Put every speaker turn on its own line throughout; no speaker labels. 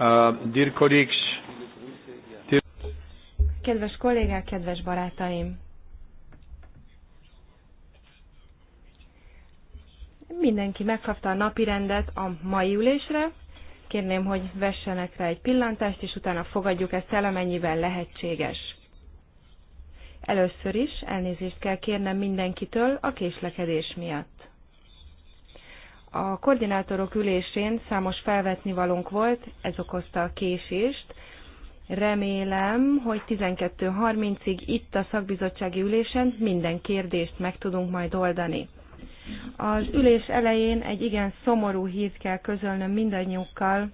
Uh,
kedves kollégák, kedves barátaim! Mindenki megkapta a napi rendet a mai ülésre. Kérném, hogy vessenek rá egy pillantást, és utána fogadjuk ezt el, amennyiben lehetséges. Először is elnézést kell kérnem mindenkitől a késlekedés miatt. A koordinátorok ülésén számos felvetni valónk volt, ez okozta a késést. Remélem, hogy 12.30-ig itt a szakbizottsági ülésen minden kérdést meg tudunk majd oldani. Az ülés elején egy igen szomorú hírt kell közölnöm mindannyiukkal.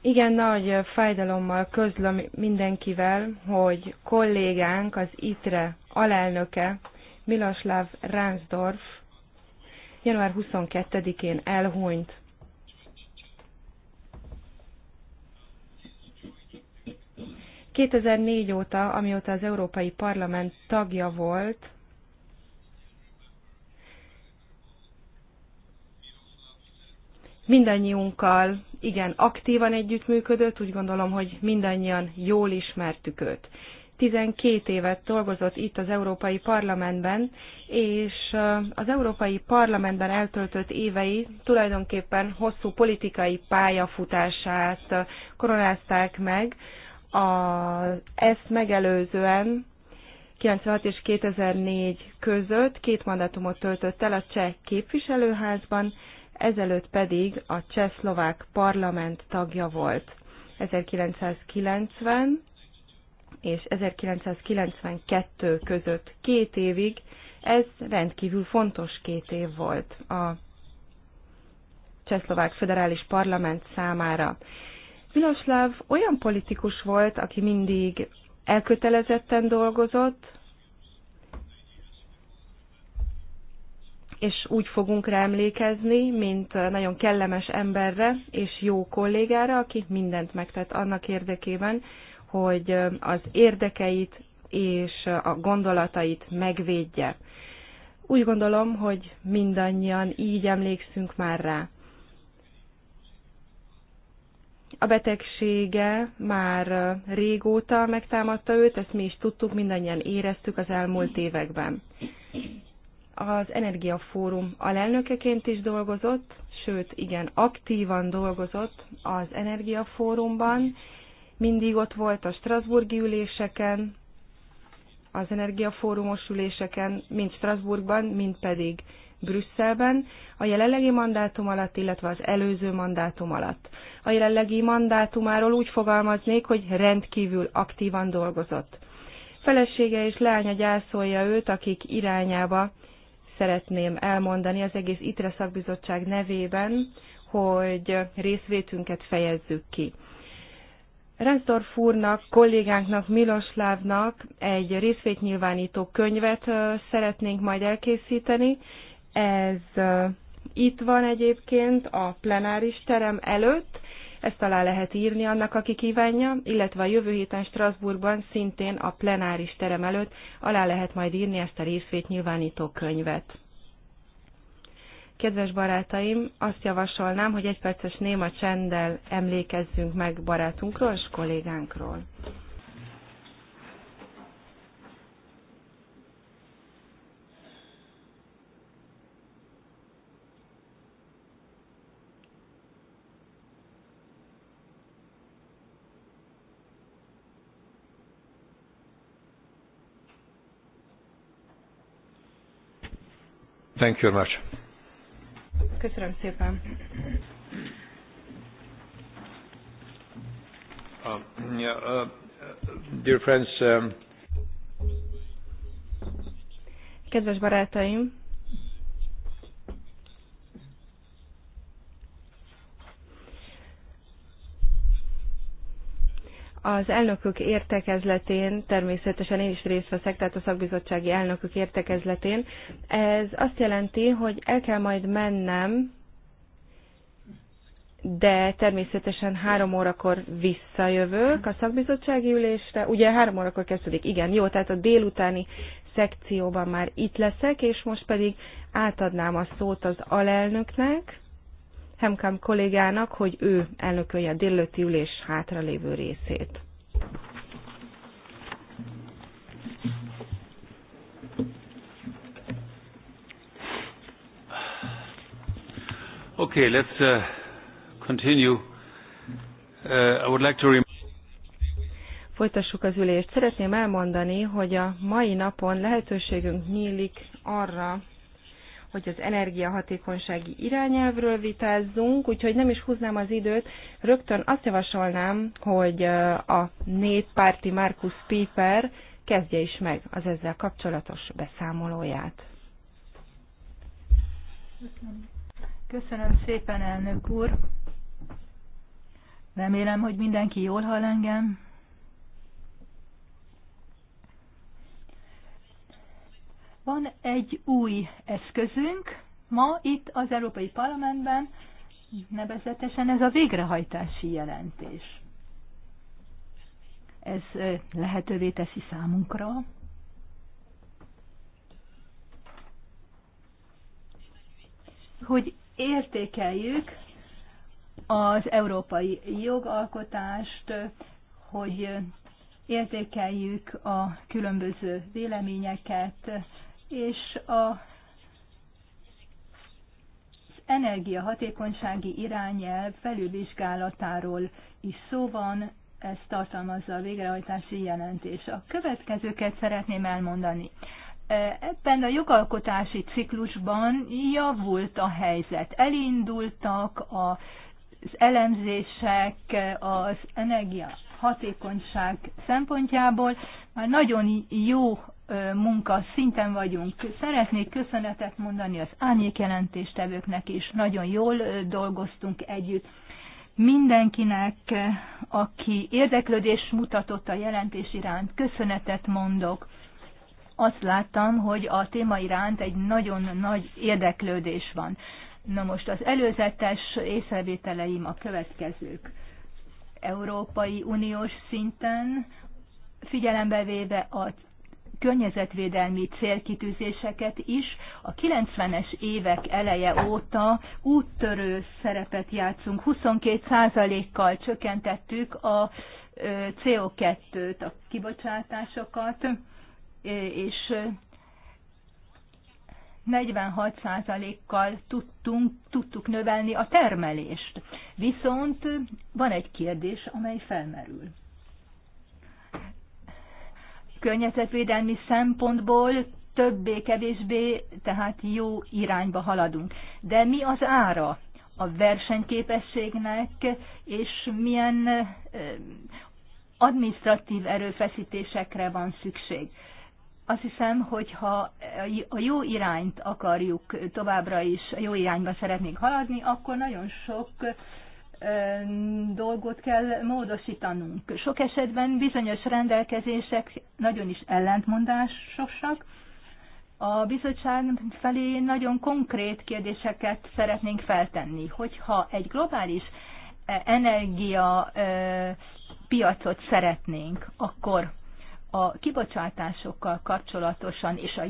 Igen nagy fájdalommal közlöm mindenkivel, hogy kollégánk, az ITRE alelnöke Miloslav Ransdorf január 22-én elhunyt. ...2004 óta, amióta az Európai Parlament tagja volt, mindannyiunkkal igen aktívan együttműködött, úgy gondolom, hogy mindannyian jól ismertük őt. 12 évet dolgozott itt az Európai Parlamentben, és az Európai Parlamentben eltöltött évei tulajdonképpen hosszú politikai pályafutását koronázták meg. A, ezt megelőzően 96 és 2004 között két mandátumot töltött el a cseh képviselőházban, ezelőtt pedig a csehszlovák parlament tagja volt. 1990 és 1992 között két évig, ez rendkívül fontos két év volt a Csehszlovák Föderális Parlament számára. Miloslav olyan politikus volt, aki mindig elkötelezetten dolgozott, és úgy fogunk rá emlékezni, mint nagyon kellemes emberre és jó kollégára, aki mindent megtett annak érdekében, hogy az érdekeit és a gondolatait megvédje. Úgy gondolom, hogy mindannyian így emlékszünk már rá. A betegsége már régóta megtámadta őt, ezt mi is tudtuk, mindannyian éreztük az elmúlt években. Az Energiafórum alelnökeként is dolgozott, sőt, igen, aktívan dolgozott az Energiafórumban, mindig ott volt a Strasburgi üléseken, az energiafórumos üléseken, mind Strasbourgban, mind pedig Brüsszelben, a jelenlegi mandátum alatt, illetve az előző mandátum alatt. A jelenlegi mandátumáról úgy fogalmaznék, hogy rendkívül aktívan dolgozott. Felesége és leánya gyászolja őt, akik irányába szeretném elmondani az egész ITRE szakbizottság nevében, hogy részvétünket fejezzük ki. Rensdorf úrnak, kollégánknak, Miloslávnak egy részvétnyilvánító könyvet szeretnénk majd elkészíteni. Ez itt van egyébként a plenáris terem előtt, ezt alá lehet írni annak, aki kívánja, illetve a jövő héten Strasbourgban szintén a plenáris terem előtt alá lehet majd írni ezt a részvétnyilvánító könyvet. Kedves barátaim, azt javasolnám, hogy egy perces néma csenddel emlékezzünk meg barátunkról és kollégánkról.
Thank you very much.
Köszönöm szépen.
Um, uh, yeah, uh, dear friends, um...
Kedves barátaim, Az elnökök értekezletén, természetesen én is részt veszek, tehát a szakbizottsági elnökök értekezletén, ez azt jelenti, hogy el kell majd mennem, de természetesen három órakor visszajövök a szakbizottsági ülésre. Ugye három órakor kezdődik, igen, jó, tehát a délutáni szekcióban már itt leszek, és most pedig átadnám a szót az alelnöknek, Hemkám kollégának, hogy ő elnökölje a délőtti ülés hátralévő részét. Okay, let's uh, continue. Uh, I would like to Folytassuk az ülést. Szeretném elmondani, hogy a mai napon lehetőségünk nyílik arra, hogy az energiahatékonysági irányelvről vitázzunk, úgyhogy nem is húznám az időt. Rögtön azt javasolnám, hogy a néppárti Markus Piper kezdje is meg az ezzel kapcsolatos beszámolóját.
Köszönöm. Köszönöm szépen, elnök úr. Remélem, hogy mindenki jól hall engem. Van egy új eszközünk ma itt az Európai Parlamentben, nevezetesen ez a végrehajtási jelentés. Ez lehetővé teszi számunkra, hogy értékeljük az európai jogalkotást, hogy értékeljük a különböző véleményeket, és a energiahatékonysági irányelv felülvizsgálatáról is szó van, ez tartalmazza a végrehajtási jelentés. A következőket szeretném elmondani. E, ebben a jogalkotási ciklusban javult a helyzet. Elindultak az elemzések az energia hatékonyság szempontjából. Már nagyon jó munka szinten vagyunk. Szeretnék köszönetet mondani az árnyékjelentéstevőknek is. Nagyon jól dolgoztunk együtt. Mindenkinek, aki érdeklődés mutatott a jelentés iránt, köszönetet mondok. Azt láttam, hogy a téma iránt egy nagyon nagy érdeklődés van. Na most az előzetes észrevételeim a következők. Európai Uniós szinten figyelembe véve a környezetvédelmi célkitűzéseket is. A 90-es évek eleje óta úttörő szerepet játszunk. 22%-kal csökkentettük a CO2-t, a kibocsátásokat, és 46%-kal tudtunk, tudtuk növelni a termelést. Viszont van egy kérdés, amely felmerül környezetvédelmi szempontból többé-kevésbé, tehát jó irányba haladunk. De mi az ára a versenyképességnek, és milyen administratív erőfeszítésekre van szükség? Azt hiszem, hogyha a jó irányt akarjuk továbbra is, a jó irányba szeretnénk haladni, akkor nagyon sok dolgot kell módosítanunk. Sok esetben bizonyos rendelkezések nagyon is ellentmondásosak. A bizottság felé nagyon konkrét kérdéseket szeretnénk feltenni, hogyha egy globális e, energia piacot szeretnénk, akkor a kibocsátásokkal kapcsolatosan és a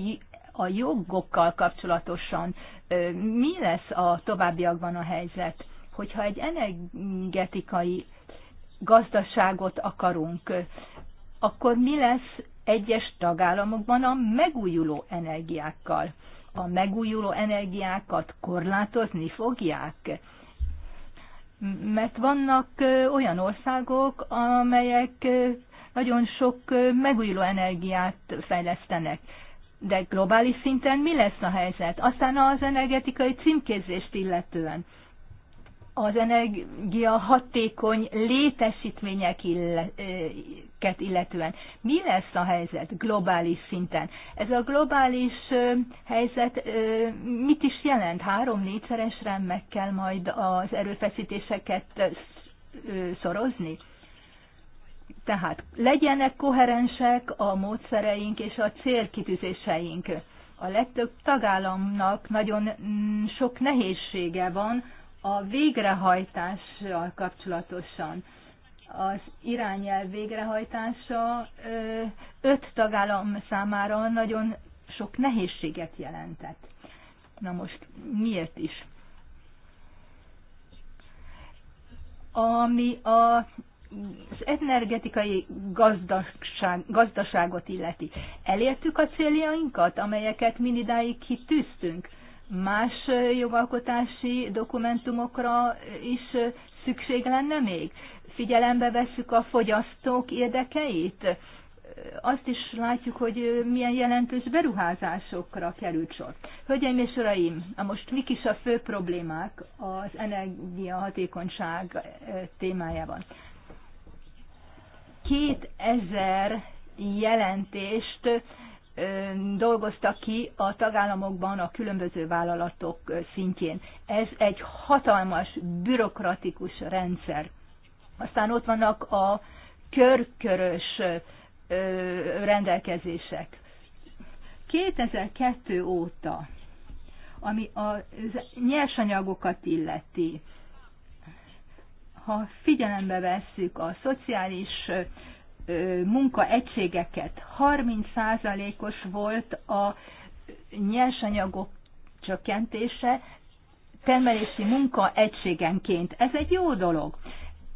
a jogokkal kapcsolatosan mi lesz a továbbiakban a helyzet? hogyha egy energetikai gazdaságot akarunk, akkor mi lesz egyes tagállamokban a megújuló energiákkal? A megújuló energiákat korlátozni fogják? Mert vannak olyan országok, amelyek nagyon sok megújuló energiát fejlesztenek. De globális szinten mi lesz a helyzet? Aztán az energetikai címkézést illetően az energia hatékony létesítményeket illetően. Mi lesz a helyzet globális szinten? Ez a globális helyzet mit is jelent? Három-négyszeresre meg kell majd az erőfeszítéseket szorozni? Tehát legyenek koherensek a módszereink és a célkitűzéseink. A legtöbb tagállamnak nagyon mm, sok nehézsége van a végrehajtással kapcsolatosan. Az irányelv végrehajtása öt tagállam számára nagyon sok nehézséget jelentett. Na most miért is? Ami a az energetikai gazdaság, gazdaságot illeti. Elértük a céljainkat, amelyeket mindidáig kitűztünk más jogalkotási dokumentumokra is szükség lenne még? Figyelembe vesszük a fogyasztók érdekeit? Azt is látjuk, hogy milyen jelentős beruházásokra került sor. Hölgyeim és uraim, a most mik is a fő problémák az energiahatékonyság eh, témájában? 2000 jelentést dolgoztak ki a tagállamokban a különböző vállalatok szintjén. Ez egy hatalmas, bürokratikus rendszer. Aztán ott vannak a körkörös rendelkezések. 2002 óta, ami a nyersanyagokat illeti, ha figyelembe vesszük a szociális munkaegységeket. 30%-os volt a nyersanyagok csökkentése termelési munkaegységenként. Ez egy jó dolog.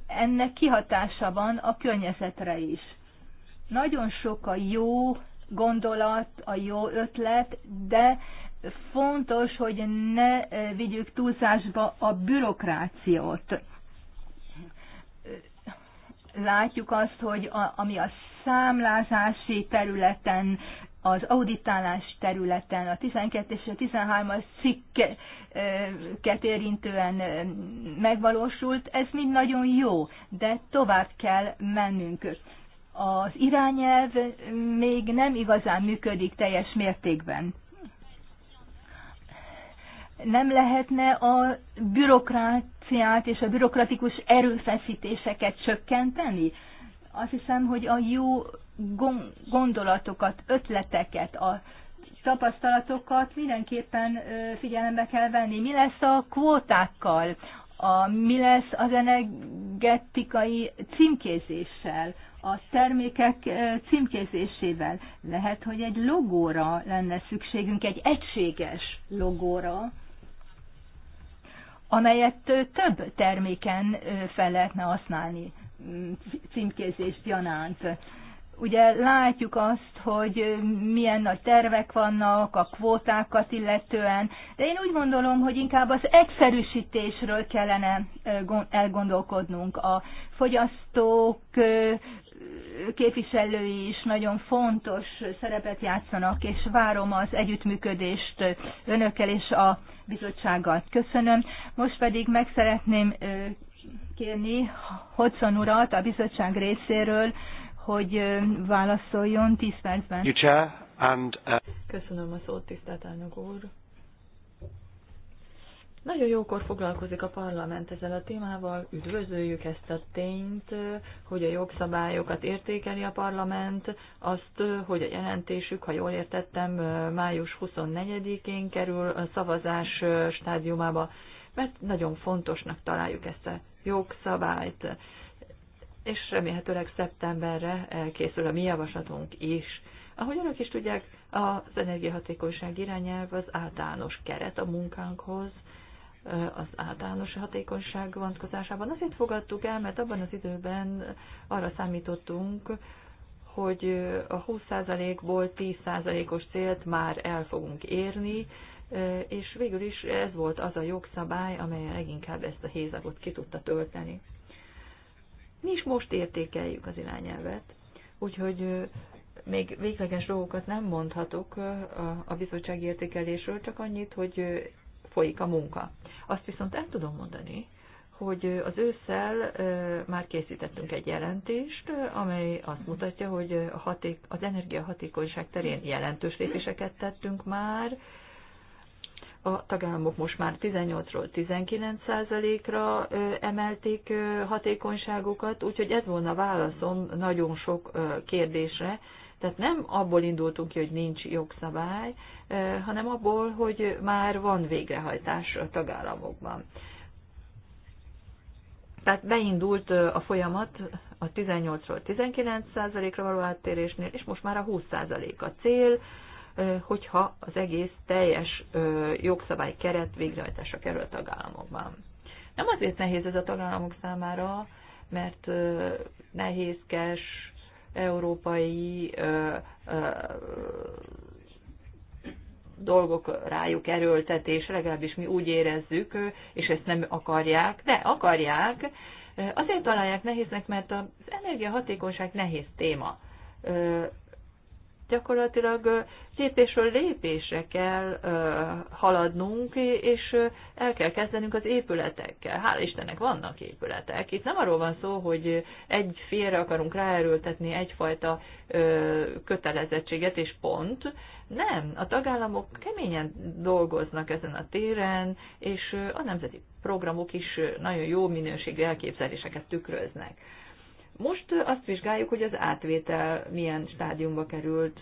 Ennek kihatása van a környezetre is. Nagyon sok a jó gondolat, a jó ötlet, de fontos, hogy ne vigyük túlzásba a bürokrációt látjuk azt, hogy a, ami a számlázási területen, az auditálás területen, a 12 és a 13-as cikket érintően megvalósult, ez mind nagyon jó, de tovább kell mennünk. Az irányelv még nem igazán működik teljes mértékben nem lehetne a bürokráciát és a bürokratikus erőfeszítéseket csökkenteni? Azt hiszem, hogy a jó gondolatokat, ötleteket, a tapasztalatokat mindenképpen figyelembe kell venni. Mi lesz a kvótákkal? A, mi lesz az energetikai címkézéssel, a termékek címkézésével? Lehet, hogy egy logóra lenne szükségünk, egy egységes logóra, amelyet több terméken fel lehetne használni mm, címkézést gyanánt. Ugye látjuk azt, hogy milyen nagy tervek vannak a kvótákat illetően, de én úgy gondolom, hogy inkább az egyszerűsítésről kellene elgondolkodnunk. A fogyasztók képviselői is nagyon fontos szerepet játszanak, és várom az együttműködést önökkel és a bizottsággal. Köszönöm. Most pedig meg szeretném kérni Hodson urat a bizottság részéről, hogy válaszoljon 10 percben.
Uh, Köszönöm a szót, tisztelt elnök úr. Nagyon jókor foglalkozik a parlament ezzel a témával, üdvözöljük ezt a tényt, hogy a jogszabályokat értékeli a parlament, azt, hogy a jelentésük, ha jól értettem, május 24-én kerül a szavazás stádiumába, mert nagyon fontosnak találjuk ezt a jogszabályt, és remélhetőleg szeptemberre készül a mi javaslatunk is. Ahogy önök is tudják, az energiahatékonyság irányelv az általános keret a munkánkhoz, az általános hatékonyság vonatkozásában. Azért fogadtuk el, mert abban az időben arra számítottunk, hogy a 20%-ból 10%-os célt már el fogunk érni, és végül is ez volt az a jogszabály, amely leginkább ezt a hézagot ki tudta tölteni. Mi is most értékeljük az irányelvet, úgyhogy még végleges dolgokat nem mondhatok a bizottsági értékelésről, csak annyit, hogy folyik a munka. Azt viszont el tudom mondani, hogy az ősszel már készítettünk egy jelentést, amely azt mutatja, hogy a haték, az energiahatékonyság terén jelentős lépéseket tettünk már. A tagállamok most már 18-ról 19%-ra emelték hatékonyságukat, úgyhogy ez volna válaszom nagyon sok kérdésre, tehát nem abból indultunk ki, hogy nincs jogszabály, eh, hanem abból, hogy már van végrehajtás a tagállamokban. Tehát beindult eh, a folyamat a 18-ról 19%-ra való áttérésnél, és most már a 20% a cél, eh, hogyha az egész teljes jogszabály keret végrehajtásra kerül a tagállamokban. Nem azért nehéz ez a tagállamok számára, mert nehézkes, európai ö, ö, dolgok rájuk erőltetés, legalábbis mi úgy érezzük, és ezt nem akarják, de akarják, azért találják nehéznek, mert az energiahatékonyság nehéz téma gyakorlatilag lépésről lépésre kell haladnunk, és el kell kezdenünk az épületekkel. Hál' Istennek vannak épületek. Itt nem arról van szó, hogy egy félre akarunk ráerőltetni egyfajta kötelezettséget, és pont. Nem, a tagállamok keményen dolgoznak ezen a téren, és a nemzeti programok is nagyon jó minőségű elképzeléseket tükröznek. Most azt vizsgáljuk, hogy az átvétel milyen stádiumba került,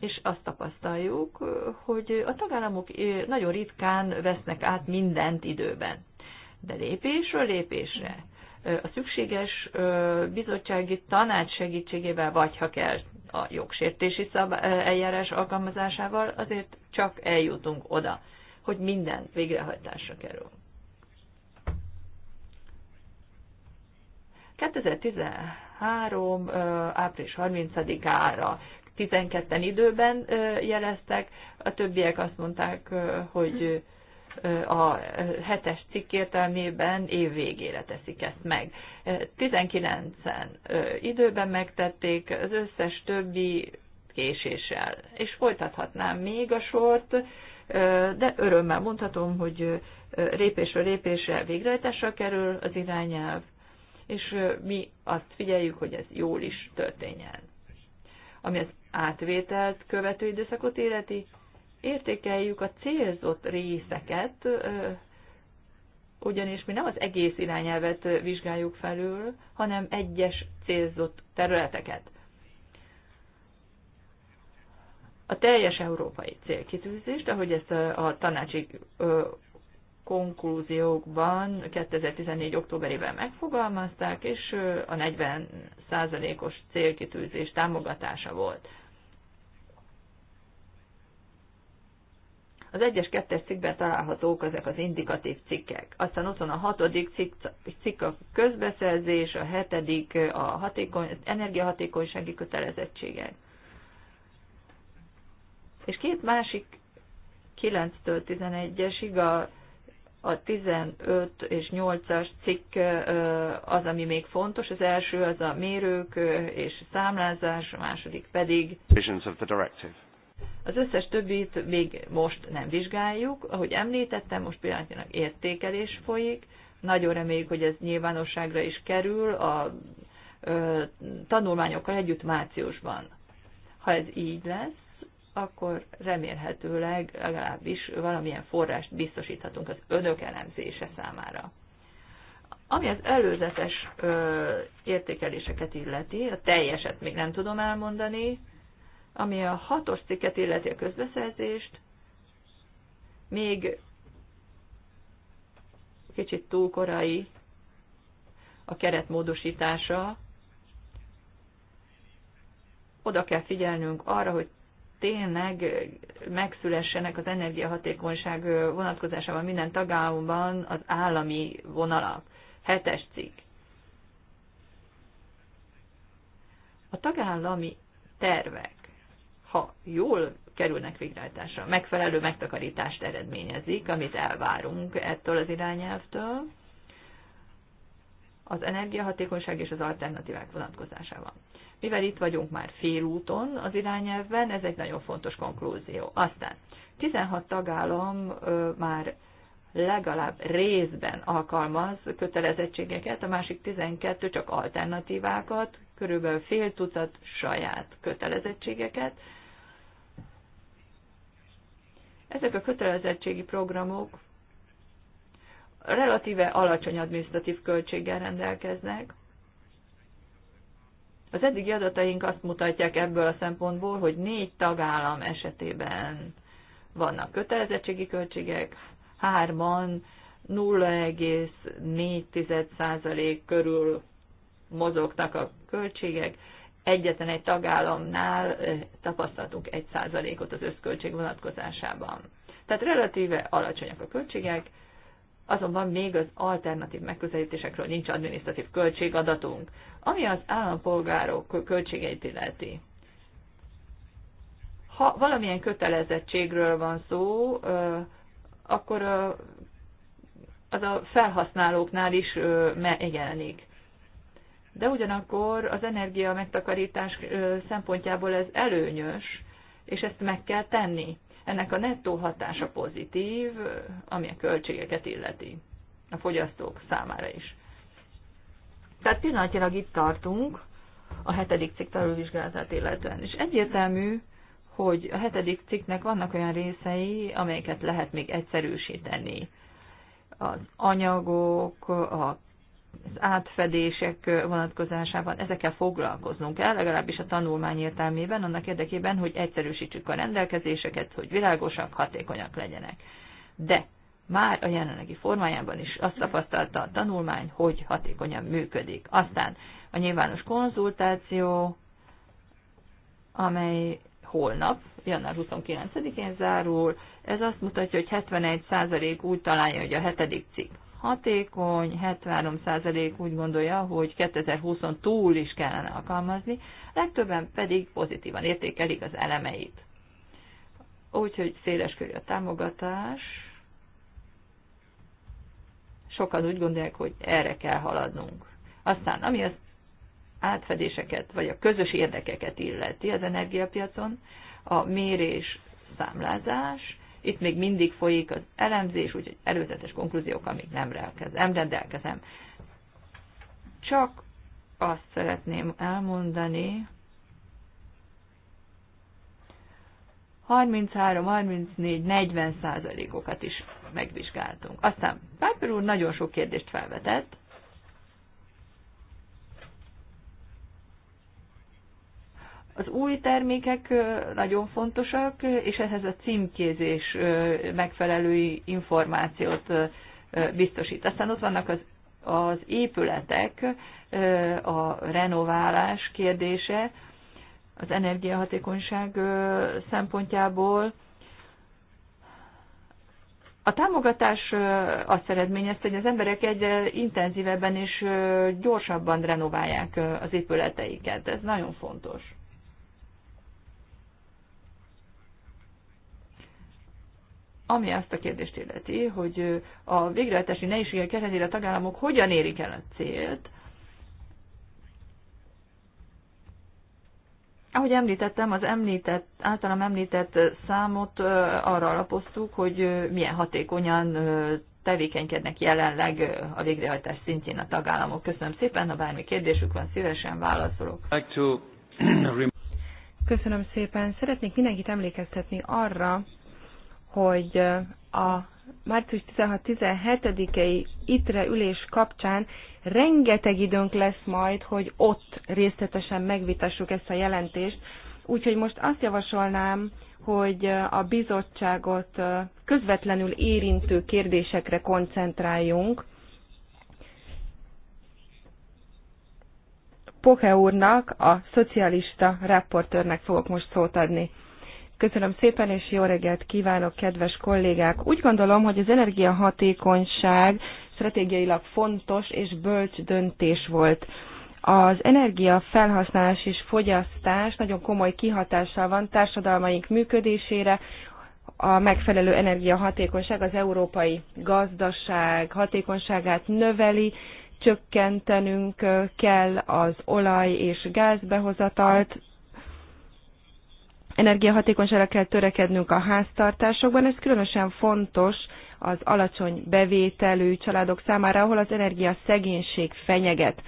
és azt tapasztaljuk, hogy a tagállamok nagyon ritkán vesznek át mindent időben. De lépésről lépésre. A szükséges bizottsági tanács segítségével, vagy ha kell, a jogsértési szab- eljárás alkalmazásával azért csak eljutunk oda, hogy minden végrehajtásra kerül. 2013. április 30-ára 12-en időben jeleztek, a többiek azt mondták, hogy a hetes cikk értelmében év végére teszik ezt meg. 19-en időben megtették, az összes többi késéssel. És folytathatnám még a sort, de örömmel mondhatom, hogy lépésről lépésre végrehajtásra kerül az irányelv, és mi azt figyeljük, hogy ez jól is történjen. Ami az átvételt követő időszakot életi, értékeljük a célzott részeket, ugyanis mi nem az egész irányelvet vizsgáljuk felül, hanem egyes célzott területeket. A teljes európai célkitűzést, ahogy ezt a tanácsi konklúziókban 2014. októberében megfogalmazták, és a 40%-os célkitűzés támogatása volt. Az 1-es, 2-es cikkben találhatók ezek az indikatív cikkek. Aztán ott van a 6. cikk, cikk a közbeszerzés, a 7. a hatékony, energiahatékonysági kötelezettségek. És két másik 9-től 11-esig a a 15 és 8-as cikk az, ami még fontos. Az első az a mérők és számlázás, a második pedig az összes többit még most nem vizsgáljuk. Ahogy említettem, most pillanatnyilag értékelés folyik. Nagyon reméljük, hogy ez nyilvánosságra is kerül a tanulmányokkal együtt márciusban. Ha ez így lesz, akkor remélhetőleg legalábbis valamilyen forrást biztosíthatunk az önök elemzése számára. Ami az előzetes ö, értékeléseket illeti, a teljeset még nem tudom elmondani, ami a hatos cikket illeti a közbeszerzést, még kicsit túl korai a keret módosítása. Oda kell figyelnünk arra, hogy tényleg megszülessenek az energiahatékonyság vonatkozásában minden tagállamban az állami vonalak. Hetes cikk. A tagállami tervek, ha jól kerülnek végrehajtásra, megfelelő megtakarítást eredményezik, amit elvárunk ettől az irányelvtől, az energiahatékonyság és az alternatívák vonatkozásában mivel itt vagyunk már félúton az irányelvben, ez egy nagyon fontos konklúzió. Aztán 16 tagállam már legalább részben alkalmaz kötelezettségeket, a másik 12 csak alternatívákat, körülbelül fél tucat saját kötelezettségeket. Ezek a kötelezettségi programok relatíve alacsony adminisztratív költséggel rendelkeznek, az eddigi adataink azt mutatják ebből a szempontból, hogy négy tagállam esetében vannak kötelezettségi költségek, hárman 0,4% körül mozognak a költségek, egyetlen egy tagállamnál eh, tapasztaltunk 1%-ot az összköltség vonatkozásában. Tehát relatíve alacsonyak a költségek, azonban még az alternatív megközelítésekről nincs adminisztratív költségadatunk, ami az állampolgárok költségeit illeti. Ha valamilyen kötelezettségről van szó, akkor az a felhasználóknál is megjelenik. De ugyanakkor az energia megtakarítás szempontjából ez előnyös, és ezt meg kell tenni. Ennek a nettó hatása pozitív, ami a költségeket illeti, a fogyasztók számára is. Tehát pillanatilag itt tartunk a hetedik cikk tanulvizsgálatát illetően. És egyértelmű, hogy a hetedik cikknek vannak olyan részei, amelyeket lehet még egyszerűsíteni. Az anyagok, a az átfedések vonatkozásában ezekkel foglalkoznunk kell, legalábbis a tanulmány értelmében, annak érdekében, hogy egyszerűsítsük a rendelkezéseket, hogy világosak, hatékonyak legyenek. De már a jelenlegi formájában is azt tapasztalta a tanulmány, hogy hatékonyan működik. Aztán a nyilvános konzultáció, amely holnap, január 29-én zárul, ez azt mutatja, hogy 71% úgy találja, hogy a hetedik cikk hatékony, 73% úgy gondolja, hogy 2020-on túl is kellene alkalmazni, legtöbben pedig pozitívan értékelik az elemeit. Úgyhogy széles körű a támogatás. Sokan úgy gondolják, hogy erre kell haladnunk. Aztán, ami az átfedéseket, vagy a közös érdekeket illeti az energiapiacon, a mérés, számlázás, itt még mindig folyik az elemzés, úgyhogy előzetes konklúziók, amik nem, relkez, nem rendelkezem. Csak azt szeretném elmondani, 33-34-40 százalékokat is megvizsgáltunk. Aztán Piper úr nagyon sok kérdést felvetett, Az új termékek nagyon fontosak, és ehhez a címkézés megfelelő információt biztosít. Aztán ott vannak az, az épületek, a renoválás kérdése, az energiahatékonyság szempontjából. A támogatás azt eredményezte, hogy az emberek egyre intenzívebben és gyorsabban renoválják az épületeiket. Ez nagyon fontos. ami azt a kérdést illeti, hogy a végrehajtási nehézségek ellenére a tagállamok hogyan érik el a célt, Ahogy említettem, az említett, általam említett számot arra alapoztuk, hogy milyen hatékonyan tevékenykednek jelenleg a végrehajtás szintjén a tagállamok. Köszönöm szépen, ha bármi kérdésük van, szívesen válaszolok. Köszönöm szépen. Szeretnék mindenkit emlékeztetni arra, hogy
a március 16-17-i ITRE ülés kapcsán rengeteg időnk lesz majd, hogy ott részletesen megvitassuk ezt a jelentést. Úgyhogy most azt javasolnám, hogy a bizottságot közvetlenül érintő kérdésekre koncentráljunk. Poke úrnak, a szocialista rapportőrnek fogok most szót adni. Köszönöm szépen, és jó reggelt kívánok, kedves kollégák! Úgy gondolom, hogy az energiahatékonyság stratégiailag fontos és bölcs döntés volt. Az energia felhasználás és fogyasztás nagyon komoly kihatással van társadalmaink működésére, a megfelelő energiahatékonyság az európai gazdaság hatékonyságát növeli, csökkentenünk kell az olaj és gázbehozatalt, energiahatékonyságra kell törekednünk a háztartásokban. Ez különösen fontos az alacsony bevételű családok számára, ahol az energia szegénység fenyeget.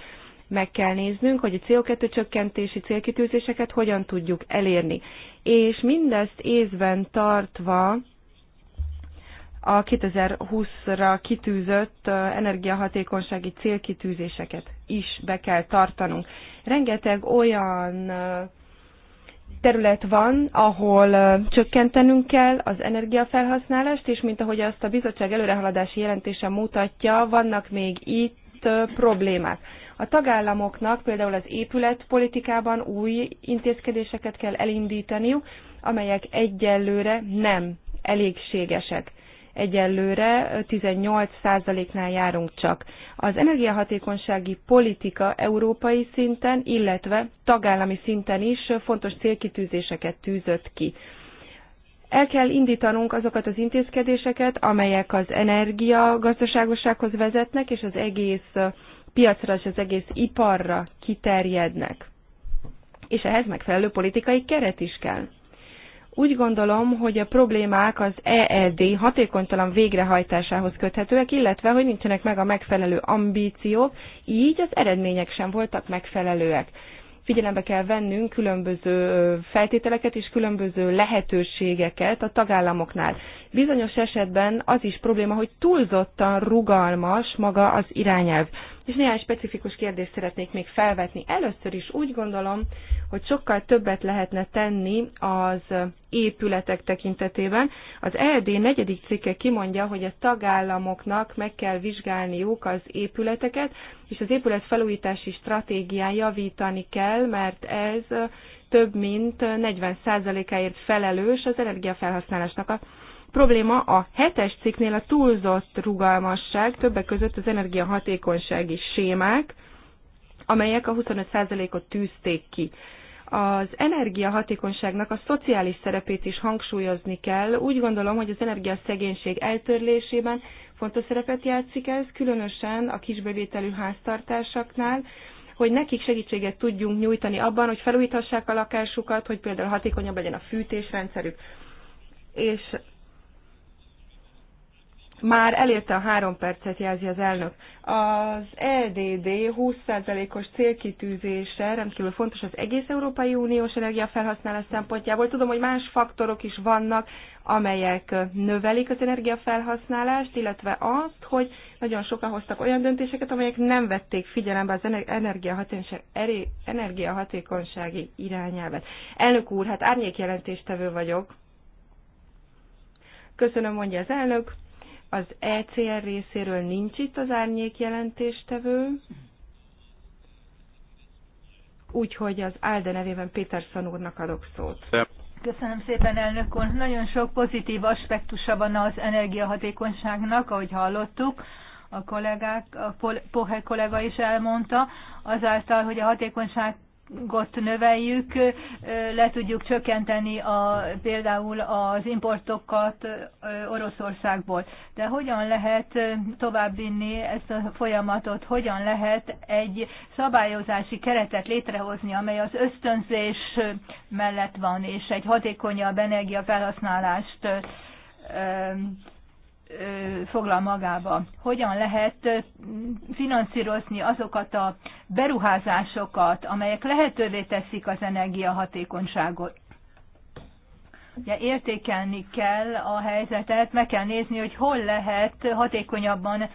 Meg kell néznünk, hogy a CO2 csökkentési célkitűzéseket hogyan tudjuk elérni. És mindezt észben tartva a 2020-ra kitűzött energiahatékonysági célkitűzéseket is be kell tartanunk. Rengeteg olyan terület van, ahol csökkentenünk kell az energiafelhasználást, és mint ahogy azt a bizottság előrehaladási jelentése mutatja, vannak még itt problémák. A tagállamoknak például az épületpolitikában új intézkedéseket kell elindítaniuk, amelyek egyelőre nem elégségesek. Egyelőre 18%-nál járunk csak. Az energiahatékonysági politika európai szinten, illetve tagállami szinten is fontos célkitűzéseket tűzött ki el kell indítanunk azokat az intézkedéseket, amelyek az energia gazdaságossághoz vezetnek, és az egész piacra és az egész iparra kiterjednek. És ehhez megfelelő politikai keret is kell. Úgy gondolom, hogy a problémák az EED hatékonytalan végrehajtásához köthetőek, illetve hogy nincsenek meg a megfelelő ambíciók, így az eredmények sem voltak megfelelőek. Figyelembe kell vennünk különböző feltételeket és különböző lehetőségeket a tagállamoknál. Bizonyos esetben az is probléma, hogy túlzottan rugalmas maga az irányelv. És néhány specifikus kérdést szeretnék még felvetni. Először is úgy gondolom, hogy sokkal többet lehetne tenni az épületek tekintetében. Az ELD negyedik cikke kimondja, hogy a tagállamoknak meg kell vizsgálniuk az épületeket, és az épület felújítási stratégián javítani kell, mert ez több mint 40%-áért felelős az energiafelhasználásnak. A probléma a hetes cikknél a túlzott rugalmasság, többek között az energiahatékonysági sémák, amelyek a 25%-ot tűzték ki. Az energiahatékonyságnak a szociális szerepét is hangsúlyozni kell. Úgy gondolom, hogy az energiaszegénység eltörlésében fontos szerepet játszik ez, különösen a kisbevételű háztartásoknál, hogy nekik segítséget tudjunk nyújtani abban, hogy felújíthassák a lakásukat, hogy például hatékonyabb legyen a fűtésrendszerük. És már elérte a három percet, jelzi az elnök. Az EDD 20%-os célkitűzése rendkívül fontos az egész Európai Uniós energiafelhasználás szempontjából. Tudom, hogy más faktorok is vannak, amelyek növelik az energiafelhasználást, illetve azt, hogy nagyon sokan hoztak olyan döntéseket, amelyek nem vették figyelembe az energiahatékonysági energiahatékonyság irányelvet. Elnök úr, hát árnyékjelentéstevő vagyok. Köszönöm, mondja az elnök az ECR részéről nincs itt az árnyék jelentéstevő,
úgyhogy az ALDE nevében Péter Szanúrnak adok szót. Köszönöm szépen, elnök úr. Nagyon sok pozitív aspektusa van az energiahatékonyságnak, ahogy hallottuk a kollégák, a Pohe kollega is elmondta, azáltal, hogy a hatékonyság gott növeljük, le tudjuk csökkenteni a, például az importokat Oroszországból. De hogyan lehet továbbvinni ezt a folyamatot, hogyan lehet egy szabályozási keretet létrehozni, amely az ösztönzés mellett van, és egy hatékonyabb energiafelhasználást foglal magába. Hogyan lehet finanszírozni azokat a beruházásokat, amelyek lehetővé teszik az energiahatékonyságot? Ugye értékelni kell a helyzetet, meg kell nézni, hogy hol lehet hatékonyabban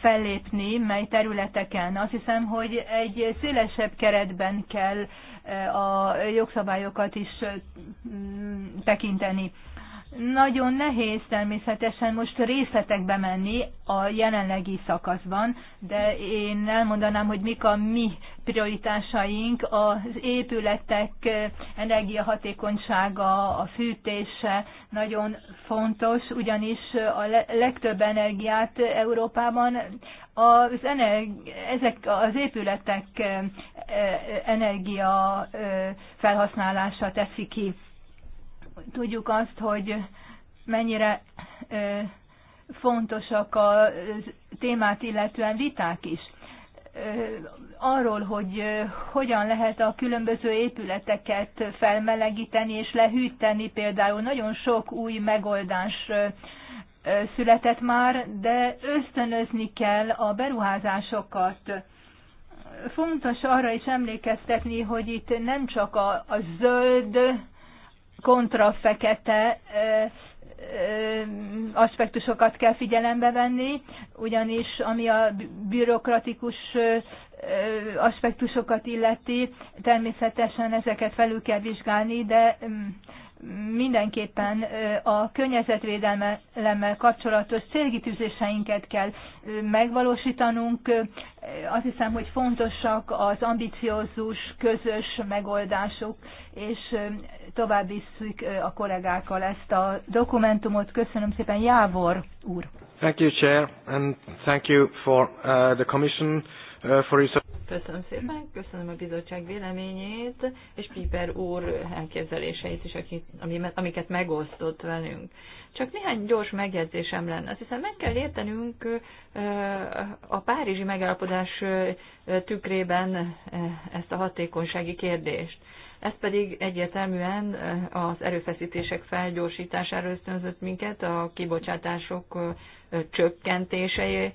fellépni, mely területeken. Azt hiszem, hogy egy szélesebb keretben kell a jogszabályokat is tekinteni. Nagyon nehéz természetesen most részletekbe menni a jelenlegi szakaszban, de én elmondanám, hogy mik a mi prioritásaink, az épületek energiahatékonysága, a fűtése nagyon fontos, ugyanis a legtöbb energiát Európában az energi- ezek az épületek e, e, energia e, felhasználása teszi ki. Tudjuk azt, hogy mennyire fontosak a témát illetően viták is. Arról, hogy hogyan lehet a különböző épületeket felmelegíteni és lehűteni például. Nagyon sok új megoldás született már, de ösztönözni kell a beruházásokat. Fontos arra is emlékeztetni, hogy itt nem csak a, a zöld kontra fekete aspektusokat kell figyelembe venni, ugyanis ami a bürokratikus aspektusokat illeti, természetesen ezeket felül kell vizsgálni, de mm, mindenképpen a környezetvédelemmel kapcsolatos célkitűzéseinket kell megvalósítanunk, azt hiszem, hogy fontosak az ambiciózus, közös megoldások, és tovább visszük a kollégákkal ezt a dokumentumot. Köszönöm szépen, Jávor úr!
Thank you, Chair, and thank you for uh, the Commission uh, for your
Köszönöm szépen, köszönöm a bizottság véleményét, és Piper úr elképzeléseit is, akik, amiket megosztott velünk. Csak néhány gyors megjegyzésem lenne, Azt hiszen meg kell értenünk a párizsi megállapodás tükrében ezt a hatékonysági kérdést. Ez pedig egyértelműen az erőfeszítések felgyorsítására ösztönzött minket a kibocsátások csökkentése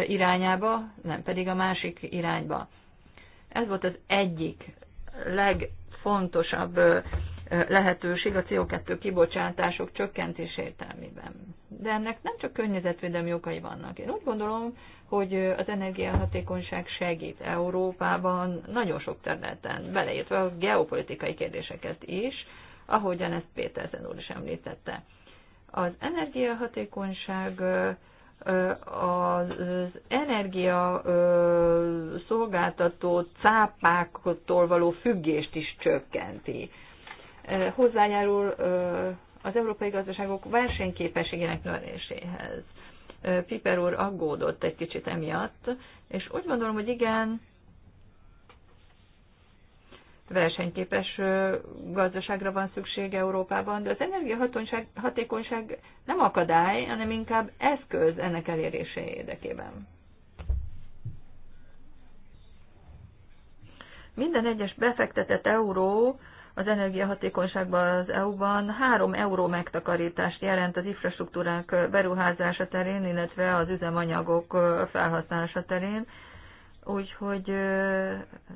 irányába, nem pedig a másik irányba. Ez volt az egyik legfontosabb lehetőség a CO2 kibocsátások csökkentés értelmében. De ennek nem csak környezetvédelmi okai vannak. Én úgy gondolom, hogy az energiahatékonyság segít Európában nagyon sok területen, beleértve a geopolitikai kérdéseket is, ahogyan ezt Péterzen úr is említette. Az energiahatékonyság az energia szolgáltató cápáktól való függést is csökkenti. Hozzájárul az európai gazdaságok versenyképességének növeléséhez. Piper úr aggódott egy kicsit emiatt, és úgy gondolom, hogy igen, versenyképes gazdaságra van szükség Európában, de az energiahatékonyság nem akadály, hanem inkább eszköz ennek elérése érdekében. Minden egyes befektetett euró az energiahatékonyságban az EU-ban három euró megtakarítást jelent az infrastruktúrák beruházása terén, illetve az üzemanyagok felhasználása terén. Úgyhogy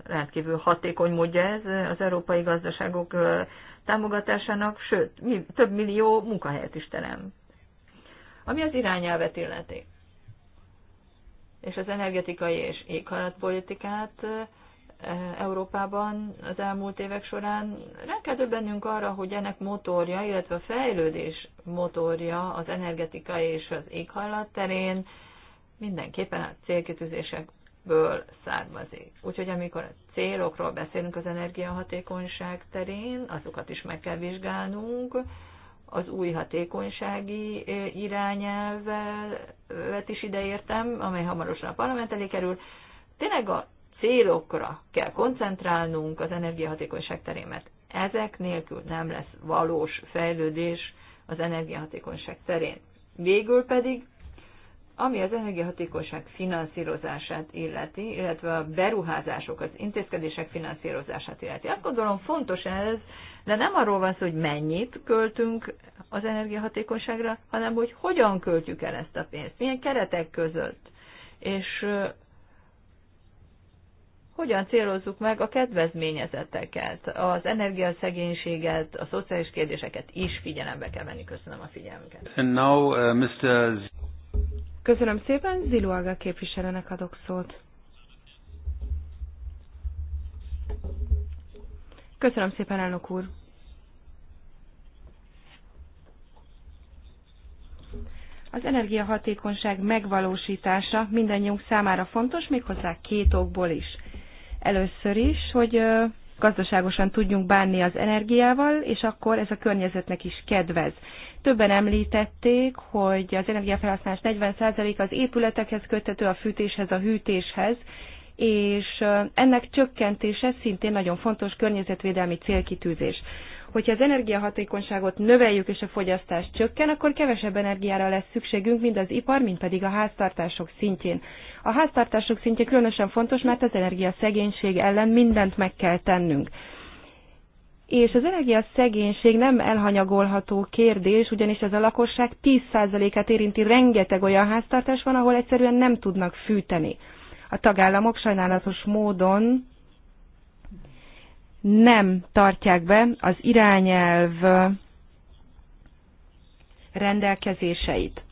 rendkívül hatékony módja ez az európai gazdaságok támogatásának, sőt, több millió munkahelyet is terem. Ami az irányelvet illeti, és az energetikai és éghajlatpolitikát politikát, Európában az elmúlt évek során, rá kell döbbennünk arra, hogy ennek motorja, illetve a fejlődés motorja az energetika és az éghajlat terén mindenképpen a célkitűzésekből származik. Úgyhogy amikor a célokról beszélünk az energiahatékonyság terén, azokat is meg kell vizsgálnunk, az új hatékonysági irányelvet is ideértem, amely hamarosan a parlament elé kerül, tényleg a célokra kell koncentrálnunk az energiahatékonyság terén, mert ezek nélkül nem lesz valós fejlődés az energiahatékonyság terén. Végül pedig, ami az energiahatékonyság finanszírozását illeti, illetve a beruházások, az intézkedések finanszírozását illeti. Azt gondolom fontos ez, de nem arról van szó, hogy mennyit költünk az energiahatékonyságra, hanem hogy hogyan költjük el ezt a pénzt, milyen keretek között. És hogyan célozzuk meg a kedvezményezeteket, az energiaszegénységet, a szociális kérdéseket is figyelembe kell venni. Köszönöm a figyelmüket.
And now, uh, Mr. Z
Köszönöm szépen, Ziluaga képviselőnek adok szót.
Köszönöm szépen, elnök úr. Az energiahatékonyság megvalósítása mindannyiunk számára fontos, méghozzá két okból is. Először is, hogy gazdaságosan tudjunk bánni az energiával, és akkor ez a környezetnek is kedvez. Többen említették, hogy az energiafelhasználás 40% az épületekhez köthető, a fűtéshez, a hűtéshez, és ennek csökkentése szintén nagyon fontos környezetvédelmi célkitűzés. Hogyha az energiahatékonyságot növeljük és a fogyasztás csökken, akkor kevesebb energiára lesz szükségünk, mind az ipar, mind pedig a háztartások szintjén. A háztartások szintje különösen fontos, mert az energiaszegénység ellen mindent meg kell tennünk. És az energiaszegénység nem elhanyagolható kérdés, ugyanis ez a lakosság 10%-át érinti, rengeteg olyan háztartás van, ahol egyszerűen nem tudnak fűteni. A tagállamok sajnálatos módon nem tartják be az irányelv rendelkezéseit.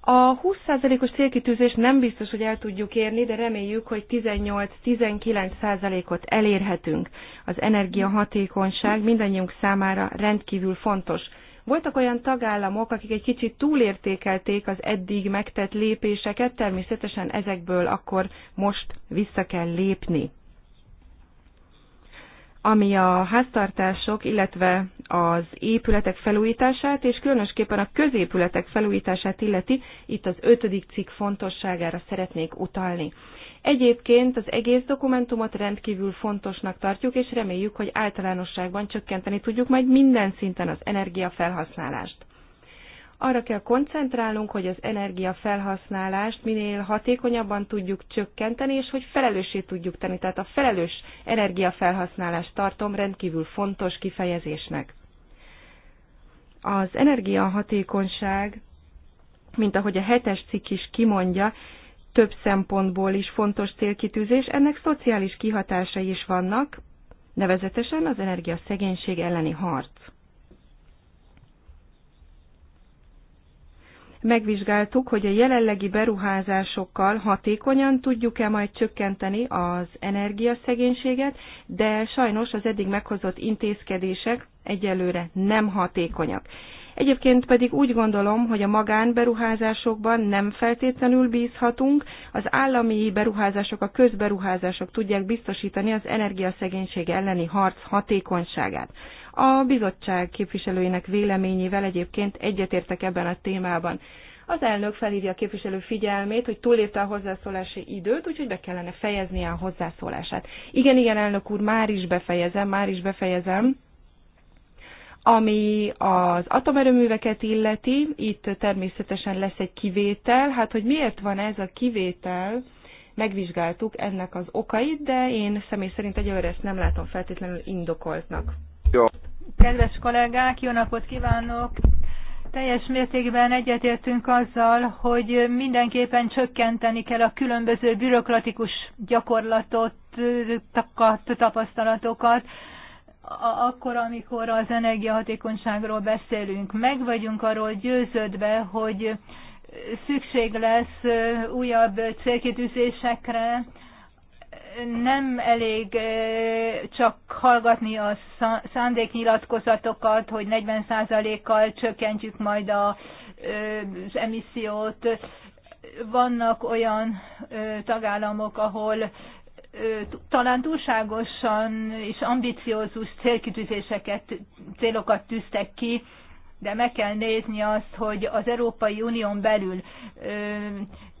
A 20%-os célkitűzés nem biztos, hogy el tudjuk érni, de reméljük, hogy 18-19%-ot elérhetünk. Az energiahatékonyság mindannyiunk számára rendkívül fontos. Voltak olyan tagállamok, akik egy kicsit túlértékelték az eddig megtett lépéseket, természetesen ezekből akkor most vissza kell lépni ami a háztartások, illetve az épületek felújítását, és különösképpen a középületek felújítását illeti, itt az ötödik cikk fontosságára szeretnék utalni. Egyébként az egész dokumentumot rendkívül fontosnak tartjuk, és reméljük, hogy általánosságban csökkenteni tudjuk majd minden szinten az energiafelhasználást. Arra kell koncentrálnunk, hogy az energiafelhasználást minél hatékonyabban tudjuk csökkenteni, és hogy felelőssé tudjuk tenni. Tehát a felelős energiafelhasználást tartom rendkívül fontos kifejezésnek. Az energiahatékonyság, mint ahogy a hetes cikk is kimondja, több szempontból is fontos célkitűzés, ennek szociális kihatásai is vannak, nevezetesen az energiaszegénység elleni harc. megvizsgáltuk, hogy a jelenlegi beruházásokkal hatékonyan tudjuk-e majd csökkenteni az energiaszegénységet, de sajnos az eddig meghozott intézkedések egyelőre nem hatékonyak. Egyébként pedig úgy gondolom, hogy a magánberuházásokban nem feltétlenül bízhatunk, az állami beruházások, a közberuházások tudják biztosítani az energiaszegénység elleni harc hatékonyságát. A bizottság képviselőinek véleményével egyébként egyetértek ebben a témában. Az elnök felhívja a képviselő figyelmét, hogy túlépte a hozzászólási időt, úgyhogy be kellene fejeznie a hozzászólását. Igen, igen, elnök úr, már is befejezem, már is befejezem. Ami az atomerőműveket illeti, itt természetesen lesz egy kivétel. Hát, hogy miért van ez a kivétel, megvizsgáltuk ennek az okait, de én személy szerint egyelőre ezt nem látom feltétlenül indokoltnak.
Jó. Kedves kollégák, jó napot kívánok! Teljes mértékben egyetértünk azzal, hogy mindenképpen csökkenteni kell a különböző bürokratikus gyakorlatot, tapasztalatokat, akkor, amikor az energiahatékonyságról beszélünk. Meg vagyunk arról győződve, hogy szükség lesz újabb célkitűzésekre, nem elég csak hallgatni a szándéknyilatkozatokat, hogy 40%-kal csökkentjük majd a, az emissziót. Vannak olyan tagállamok, ahol talán túlságosan és ambiciózus célkitűzéseket, célokat tűztek ki, de meg kell nézni azt, hogy az Európai Unión belül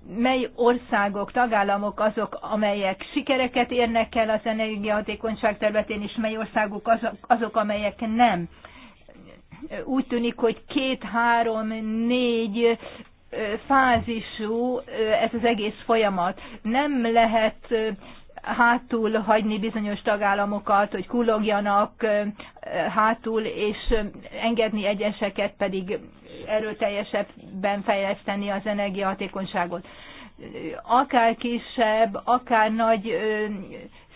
mely országok, tagállamok azok, amelyek sikereket érnek el az energiahatékonyság területén, és mely országok azok, azok amelyek nem. Úgy tűnik, hogy két, három, négy fázisú ez az egész folyamat. Nem lehet hátul hagyni bizonyos tagállamokat, hogy kullogjanak hátul, és engedni egyeseket pedig erőteljesebben fejleszteni az energiahatékonyságot. Akár kisebb, akár nagy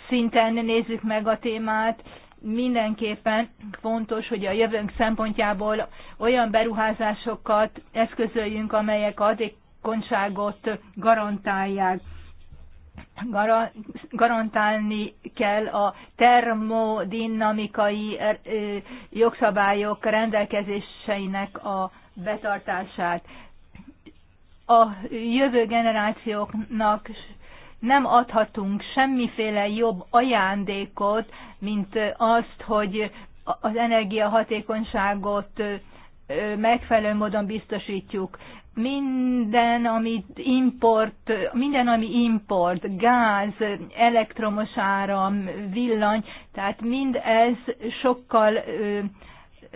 szinten nézzük meg a témát, mindenképpen fontos, hogy a jövőnk szempontjából olyan beruházásokat eszközöljünk, amelyek hatékonyságot garantálják. Garantálni kell a termodinamikai er, jogszabályok rendelkezéseinek a betartását. A jövő generációknak nem adhatunk semmiféle jobb ajándékot, mint azt, hogy az energiahatékonyságot megfelelő módon biztosítjuk. Minden, amit import, minden, ami import, gáz, elektromos áram, villany, tehát mind ez sokkal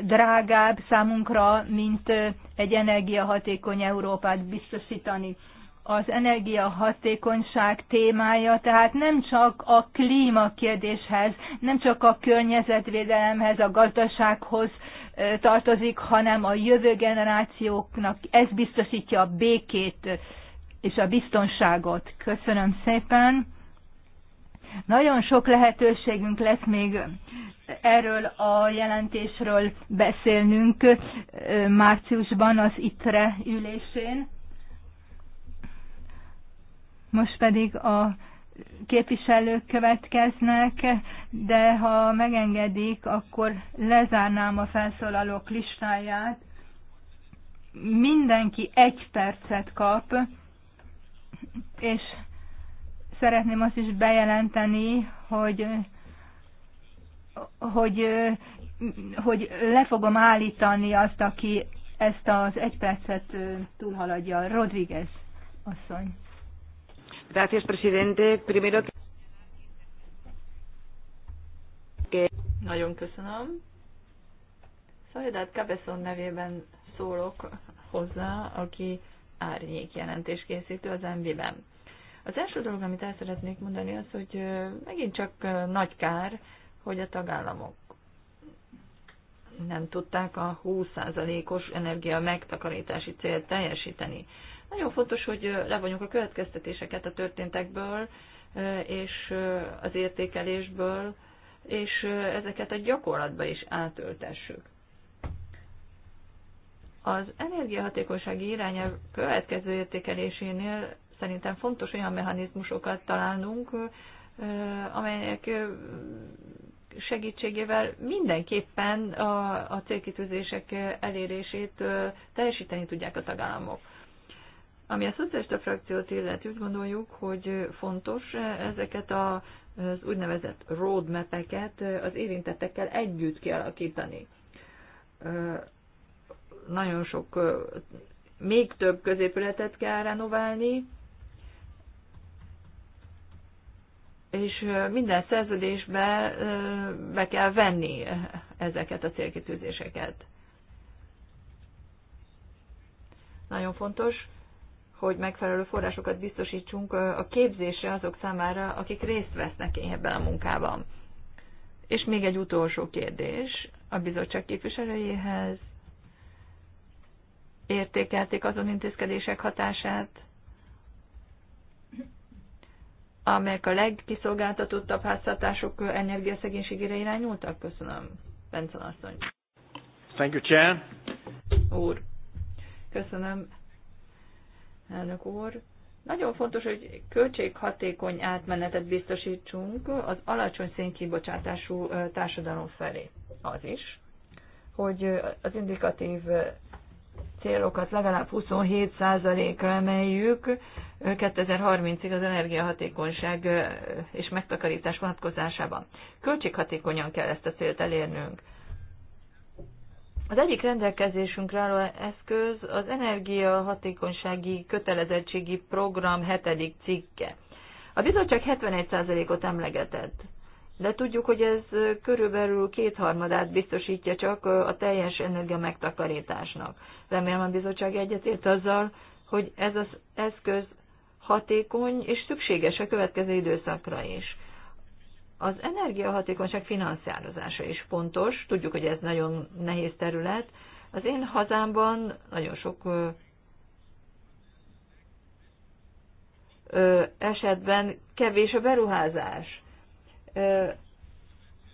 drágább számunkra, mint egy energiahatékony Európát biztosítani. Az energiahatékonyság témája tehát nem csak a klímakérdéshez, nem csak a környezetvédelemhez, a gazdasághoz tartozik, hanem a jövő generációknak ez biztosítja a békét és a biztonságot. Köszönöm szépen! Nagyon sok lehetőségünk lesz még erről a jelentésről beszélnünk márciusban az ITRE ülésén. Most pedig a képviselők következnek, de ha megengedik, akkor lezárnám a felszólalók listáját. Mindenki egy percet kap, és szeretném azt is bejelenteni, hogy hogy, hogy le fogom állítani azt, aki ezt az egy percet túlhaladja. Rodríguez asszony. Gracias, presidente. Primero
que... Nagyon köszönöm. Szajdát Cabezon nevében szólok hozzá, aki árnyék készítő az MB-ben. Az első dolog, amit el szeretnék mondani, az, hogy megint csak nagy kár, hogy a tagállamok nem tudták a 20%-os energia megtakarítási célt teljesíteni. Nagyon fontos, hogy levonjuk a következtetéseket a történtekből és az értékelésből, és ezeket a gyakorlatba is átöltessük. Az energiahatékonysági irányelv következő értékelésénél Szerintem fontos olyan mechanizmusokat találnunk, amelyek segítségével mindenképpen a, a célkitűzések elérését teljesíteni tudják a tagállamok. Ami a szocialista frakciót illeti, úgy gondoljuk, hogy fontos ezeket a, az úgynevezett roadmap-eket az érintettekkel együtt kialakítani. Nagyon sok, még több középületet kell renoválni, és minden szerződésbe be kell venni ezeket a célkitűzéseket. Nagyon fontos, hogy megfelelő forrásokat biztosítsunk a képzésre azok számára, akik részt vesznek ebben a munkában. És még egy utolsó kérdés a bizottság képviselőjéhez. Értékelték azon intézkedések hatását, amelyek a legkiszolgáltatottabb háztartások energiaszegénységére irányultak? Köszönöm, Benson asszony. Thank you, Chair. Úr. Köszönöm, elnök úr. Nagyon fontos, hogy költséghatékony átmenetet biztosítsunk az alacsony szénkibocsátású társadalom felé. Az is, hogy az indikatív célokat legalább 27%-ra emeljük 2030-ig az energiahatékonyság és megtakarítás vonatkozásában. Költséghatékonyan kell ezt a célt elérnünk. Az egyik rendelkezésünkre álló eszköz az energiahatékonysági kötelezettségi program hetedik cikke. A bizottság 71%-ot emlegetett de tudjuk, hogy ez körülbelül kétharmadát biztosítja csak a teljes energia megtakarításnak. Remélem a bizottság egyetért azzal, hogy ez az eszköz hatékony és szükséges a következő időszakra is. Az energiahatékonyság finanszírozása is fontos, tudjuk, hogy ez nagyon nehéz terület. Az én hazámban nagyon sok esetben kevés a beruházás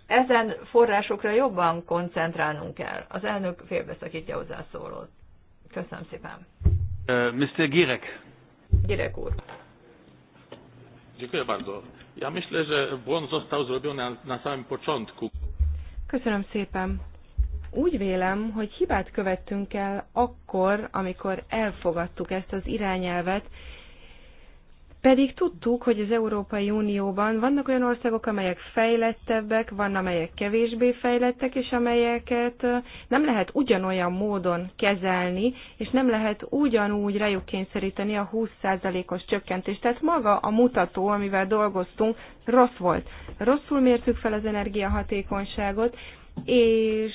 ezen forrásokra jobban koncentrálnunk kell. Az elnök félbeszakítja szólót. Köszönöm szépen.
Mr. Girek. Girek úr. Dziękuję bardzo.
Ja myślę, że błąd został zrobiony na samym początku.
Köszönöm szépen. Úgy vélem, hogy hibát követtünk el akkor, amikor elfogadtuk ezt az irányelvet, pedig tudtuk, hogy az Európai Unióban vannak olyan országok, amelyek fejlettebbek, van amelyek kevésbé fejlettek, és amelyeket nem lehet ugyanolyan módon kezelni, és nem lehet ugyanúgy rájuk kényszeríteni a 20%-os csökkentést. Tehát maga a mutató, amivel dolgoztunk, rossz volt. Rosszul mértük fel az energiahatékonyságot, és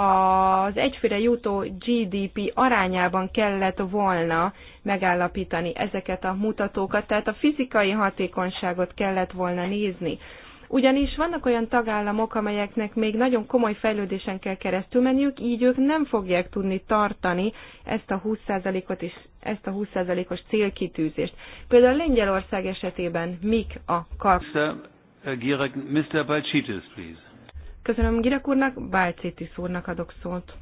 az egyfőre jutó GDP arányában kellett volna megállapítani ezeket a mutatókat, tehát a fizikai hatékonyságot kellett volna nézni. Ugyanis vannak olyan tagállamok, amelyeknek még nagyon komoly fejlődésen kell keresztül menniük, így ők nem fogják tudni tartani ezt a 20%-ot és ezt a 20%-os célkitűzést. Például Lengyelország esetében mik a kap...
Mr. Uh, Balcsitis, please.
Köszönöm Girek úrnak, Bálcéti szúrnak adok szót.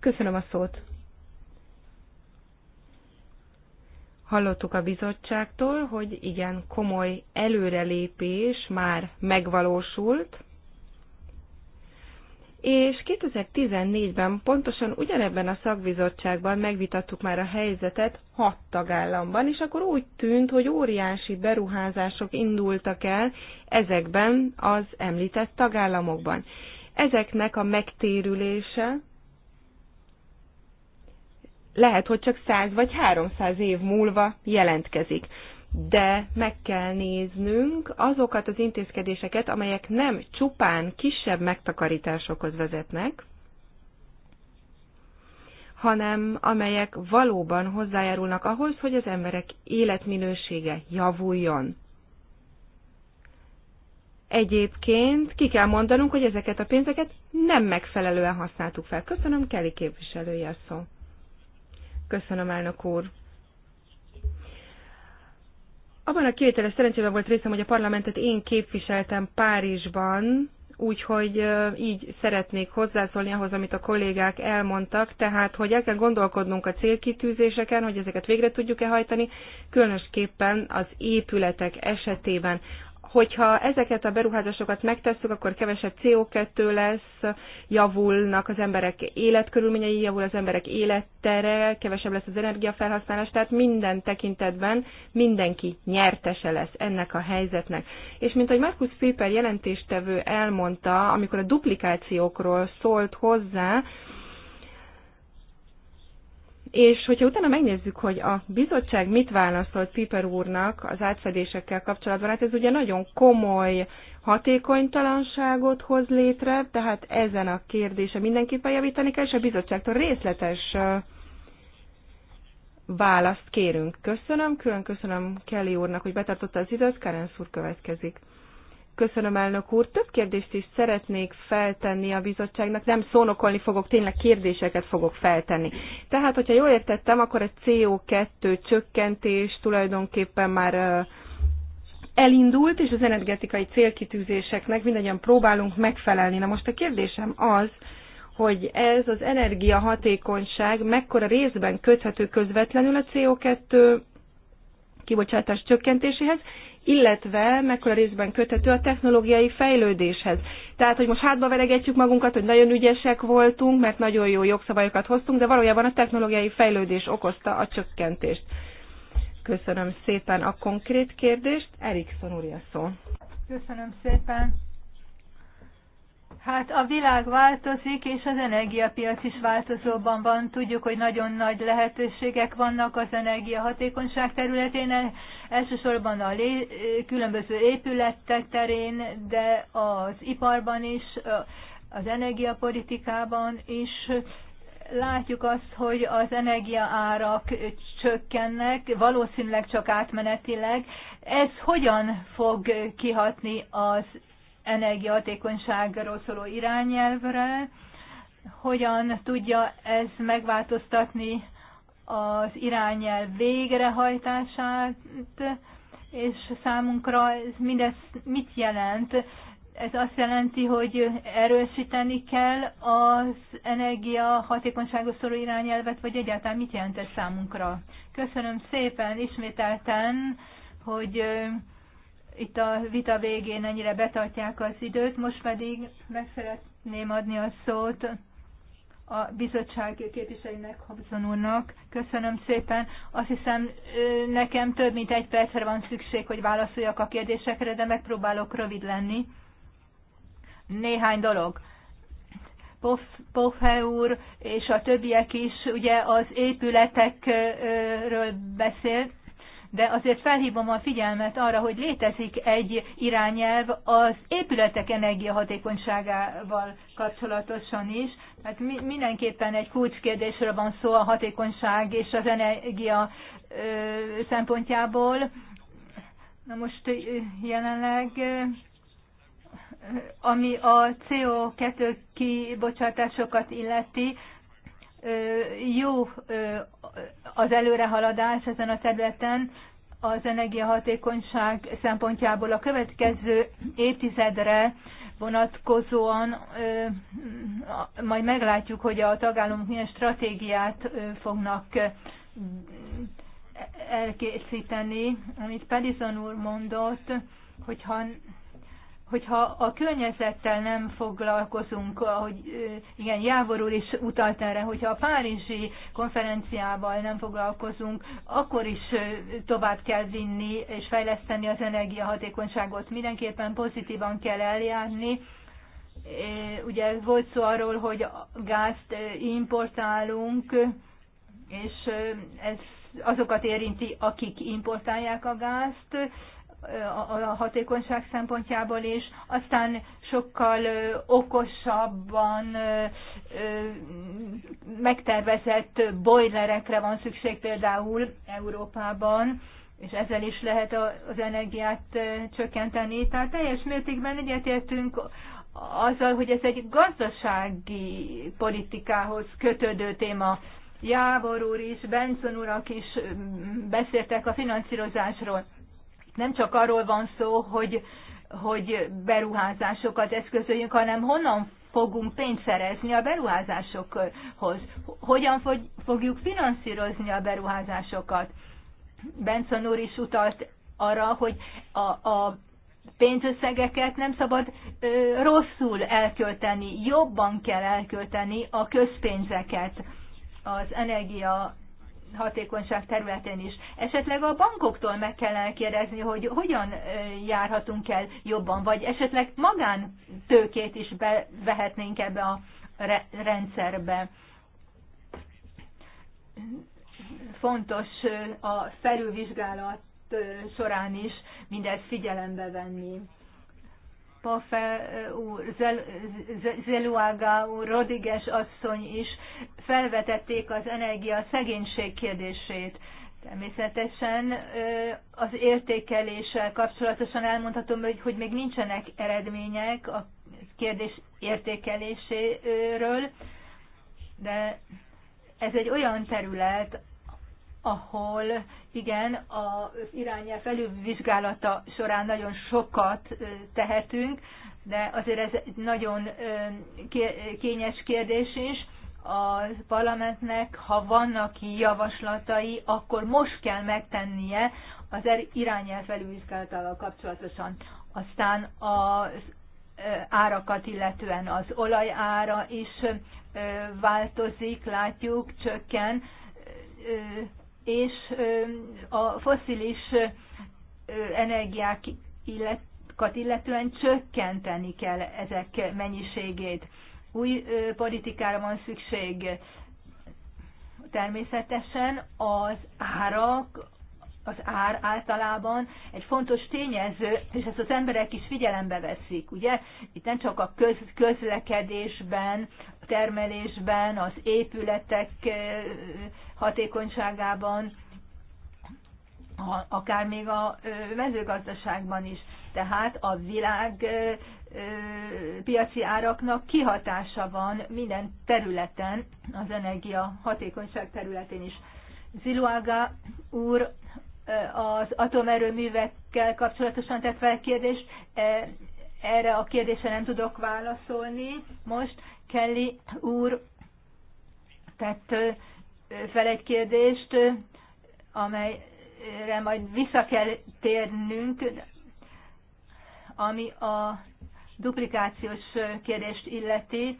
Köszönöm a szót. Hallottuk a bizottságtól, hogy igen, komoly előrelépés már megvalósult és 2014-ben pontosan ugyanebben a szakbizottságban megvitattuk már a helyzetet hat tagállamban, és akkor úgy tűnt, hogy óriási beruházások indultak el ezekben az említett tagállamokban. Ezeknek a megtérülése lehet, hogy csak 100 vagy 300 év múlva jelentkezik de meg kell néznünk azokat az intézkedéseket, amelyek nem csupán kisebb megtakarításokhoz vezetnek, hanem amelyek valóban hozzájárulnak ahhoz, hogy az emberek életminősége javuljon. Egyébként ki kell mondanunk, hogy ezeket a pénzeket nem megfelelően használtuk fel. Köszönöm, Kelly képviselője szó. Köszönöm, elnök úr. Abban a kivételes szerencsében volt részem, hogy a parlamentet én képviseltem Párizsban, úgyhogy így szeretnék hozzászólni ahhoz, amit a kollégák elmondtak, tehát hogy el kell gondolkodnunk a célkitűzéseken, hogy ezeket végre tudjuk-e hajtani, különösképpen az épületek esetében hogyha ezeket a beruházásokat megtesszük, akkor kevesebb CO2 lesz, javulnak az emberek életkörülményei, javul az emberek élettere, kevesebb lesz az energiafelhasználás, tehát minden tekintetben mindenki nyertese lesz ennek a helyzetnek. És mint ahogy Markus Piper jelentéstevő elmondta, amikor a duplikációkról szólt hozzá, és hogyha utána megnézzük, hogy a bizottság mit válaszolt Piper úrnak az átfedésekkel kapcsolatban, hát ez ugye nagyon komoly hatékonytalanságot hoz létre, tehát ezen a kérdése mindenképpen javítani kell, és a bizottságtól részletes választ kérünk. Köszönöm, külön köszönöm Kelly úrnak, hogy betartotta az időt, Karen úr következik. Köszönöm, elnök úr. Több kérdést is szeretnék feltenni a bizottságnak. Nem szónokolni fogok, tényleg kérdéseket fogok feltenni. Tehát, hogyha jól értettem, akkor a CO2 csökkentés tulajdonképpen már elindult, és az energetikai célkitűzéseknek mindegyen próbálunk megfelelni. Na most a kérdésem az, hogy ez az energiahatékonyság mekkora részben köthető közvetlenül a CO2 kibocsátás csökkentéséhez, illetve mekkora részben köthető a technológiai fejlődéshez. Tehát, hogy most hátba veregetjük magunkat, hogy nagyon ügyesek voltunk, mert nagyon jó jogszabályokat hoztunk, de valójában a technológiai fejlődés okozta a csökkentést. Köszönöm szépen a konkrét kérdést. Erikson úr szó.
Köszönöm szépen. Hát a világ változik, és az energiapiac is változóban van. Tudjuk, hogy nagyon nagy lehetőségek vannak az energiahatékonyság területén, e, elsősorban a lé, különböző épületek terén, de az iparban is, az energiapolitikában is. Látjuk azt, hogy az energiaárak csökkennek, valószínűleg csak átmenetileg. Ez hogyan fog kihatni az energiahatékonyságról szóló irányelvre, hogyan tudja ez megváltoztatni az irányelv végrehajtását, és számunkra ez mindez mit jelent? Ez azt jelenti, hogy erősíteni kell az energia hatékonyságos szóló irányelvet, vagy egyáltalán mit jelent ez számunkra? Köszönöm szépen ismételten, hogy itt a vita végén ennyire betartják az időt, most pedig meg szeretném adni a szót a bizottság képviselőnek, Hobson úrnak. Köszönöm szépen. Azt hiszem, nekem több mint egy percre van szükség, hogy válaszoljak a kérdésekre, de megpróbálok rövid lenni. Néhány dolog. Pofe úr és a többiek is ugye az épületekről beszélt, de azért felhívom a figyelmet arra, hogy létezik egy irányelv az épületek energiahatékonyságával kapcsolatosan is. Hát mi, mindenképpen egy kulcskérdésről van szó a hatékonyság és az energia ö, szempontjából. Na most jelenleg ami a CO2 kibocsátásokat illeti, jó az előrehaladás ezen a területen, az energiahatékonyság szempontjából a következő évtizedre vonatkozóan majd meglátjuk, hogy a tagállamok milyen stratégiát fognak elkészíteni, amit Pedizon úr mondott, hogyha hogyha a környezettel nem foglalkozunk, ahogy igen, Jávor úr is utalt erre, hogyha a Párizsi konferenciával nem foglalkozunk, akkor is tovább kell vinni és fejleszteni az energiahatékonyságot. Mindenképpen pozitívan kell eljárni. Ugye volt szó arról, hogy gázt importálunk, és ez azokat érinti, akik importálják a gázt, a hatékonyság szempontjából is, aztán sokkal okosabban megtervezett bojlerekre van szükség például Európában, és ezzel is lehet az energiát csökkenteni. Tehát teljes mértékben egyetértünk azzal, hogy ez egy gazdasági politikához kötődő téma. Jávor úr is, Benson urak is beszéltek a finanszírozásról nem csak arról van szó, hogy, hogy beruházásokat eszközöljünk, hanem honnan fogunk pénzt szerezni a beruházásokhoz, hogyan fogjuk finanszírozni a beruházásokat. Benson úr is utalt arra, hogy a, a pénzösszegeket nem szabad ö, rosszul elkölteni, jobban kell elkölteni a közpénzeket az energia hatékonyság területén is. Esetleg a bankoktól meg kellene kérdezni, hogy hogyan járhatunk el jobban, vagy esetleg magántőkét is bevehetnénk ebbe a rendszerbe. Fontos a felülvizsgálat során is mindezt figyelembe venni. Pafel eh, úr, Zeluaga úr, Rodiges asszony is felvetették az energia szegénység kérdését. Természetesen eh, az értékeléssel kapcsolatosan elmondhatom, hogy, hogy még nincsenek eredmények a kérdés értékeléséről, de ez egy olyan terület, ahol igen, az irányel felülvizsgálata során nagyon sokat tehetünk, de azért ez egy nagyon kényes kérdés is. A parlamentnek, ha vannak javaslatai, akkor most kell megtennie az er-, irányel felülvizsgálatával kapcsolatosan. Aztán az árakat illetően az olajára is változik, látjuk, csökken és a foszilis energiákat illetően csökkenteni kell ezek mennyiségét. Új politikára van szükség. Természetesen az árak, az ár általában egy fontos tényező, és ezt az emberek is figyelembe veszik, ugye? Itt nem csak a közlekedésben termelésben, az épületek hatékonyságában, akár még a mezőgazdaságban is. Tehát a világ piaci áraknak kihatása van minden területen, az energia hatékonyság területén is. Ziluaga úr az atomerőművekkel kapcsolatosan tett fel kérdést erre a kérdésre nem tudok válaszolni. Most Kelly úr tett fel egy kérdést, amelyre majd vissza kell térnünk, ami a duplikációs kérdést illeti.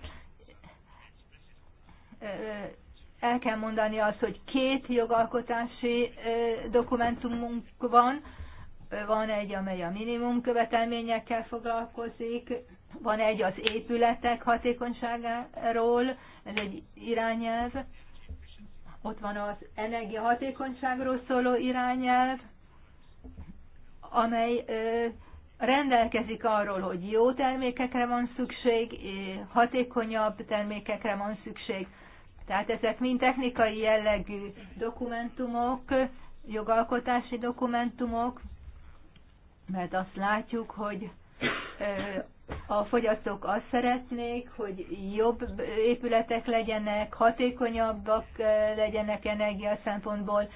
El kell mondani azt, hogy két jogalkotási dokumentumunk van, van egy, amely a minimum követelményekkel foglalkozik, van egy az épületek hatékonyságáról, ez egy irányelv, ott van az energiahatékonyságról szóló irányelv, amely rendelkezik arról, hogy jó termékekre van szükség, hatékonyabb termékekre van szükség. Tehát ezek mind technikai jellegű dokumentumok, jogalkotási dokumentumok, mert azt látjuk, hogy a fogyasztók azt szeretnék, hogy jobb épületek legyenek, hatékonyabbak legyenek energia szempontból,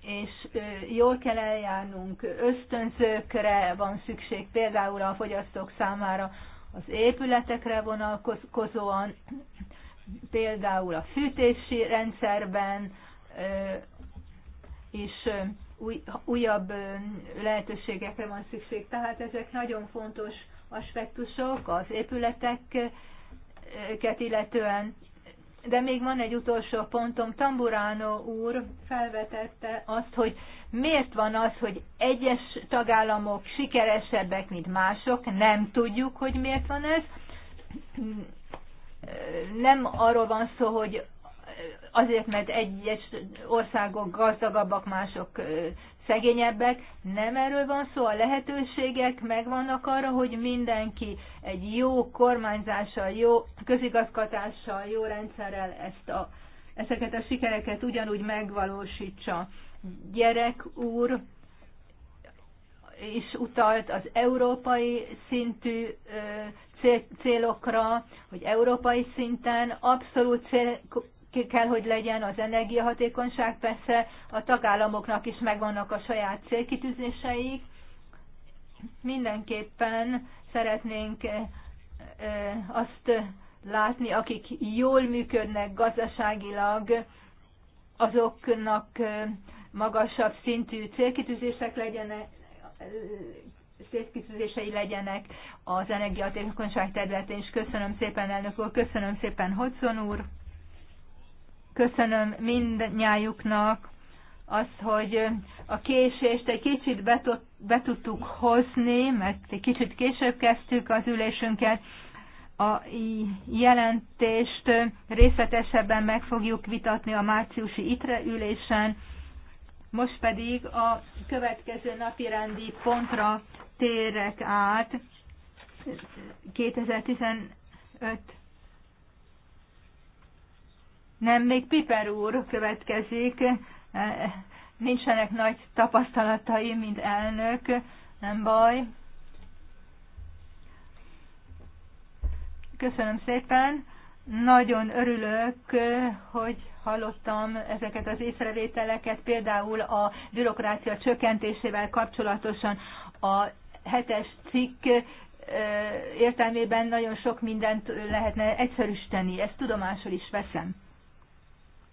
és jól kell eljárnunk, ösztönzőkre van szükség például a fogyasztók számára az épületekre vonalkozóan, például a fűtési rendszerben is új, újabb lehetőségekre van szükség. Tehát ezek nagyon fontos aspektusok az épületeket illetően. De még van egy utolsó pontom. Tamburano úr felvetette azt, hogy miért van az, hogy egyes tagállamok sikeresebbek, mint mások. Nem tudjuk, hogy miért van ez. Nem arról van szó, hogy azért, mert egyes országok gazdagabbak, mások szegényebbek. Nem erről van szó, a lehetőségek megvannak arra, hogy mindenki egy jó kormányzással, jó közigazgatással, jó rendszerrel ezt a, ezeket a sikereket ugyanúgy megvalósítsa. Gyerek úr is utalt az európai szintű célokra, hogy európai szinten abszolút cél, ki kell, hogy legyen az energiahatékonyság, persze a tagállamoknak is megvannak a saját célkitűzéseik. Mindenképpen szeretnénk azt látni, akik jól működnek gazdaságilag, azoknak magasabb szintű célkitűzések legyenek, célkitűzései legyenek az energiahatékonyság területén, és köszönöm szépen elnök úr, köszönöm szépen Hodson úr. Köszönöm mindnyájuknak azt, hogy a késést egy kicsit be tudtuk hozni, mert egy kicsit később kezdtük az ülésünket. A jelentést részletesebben meg fogjuk vitatni a márciusi ITRE ülésen. Most pedig a következő napi rendi pontra térek át. 2015 nem, még Piper úr következik. Nincsenek nagy tapasztalataim, mint elnök, nem baj. Köszönöm szépen. Nagyon örülök, hogy hallottam ezeket az észrevételeket, például a bürokrácia csökkentésével kapcsolatosan a hetes cikk értelmében nagyon sok mindent lehetne egyszerűsíteni, ezt tudomásul is veszem.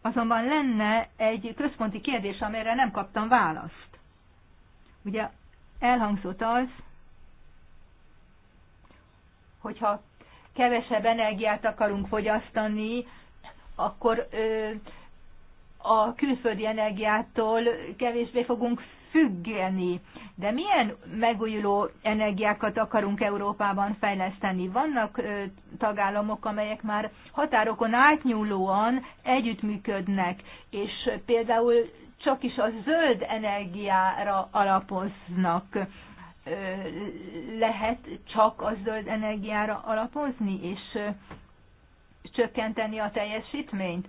Azonban lenne egy központi kérdés, amire nem kaptam választ. Ugye elhangzott az, hogyha kevesebb energiát akarunk fogyasztani, akkor ö, a külföldi energiától kevésbé fogunk függeni. De milyen megújuló energiákat akarunk Európában fejleszteni? Vannak tagállamok, amelyek már határokon átnyúlóan együttműködnek, és például csak is a zöld energiára alapoznak lehet csak a zöld energiára alapozni, és csökkenteni a teljesítményt?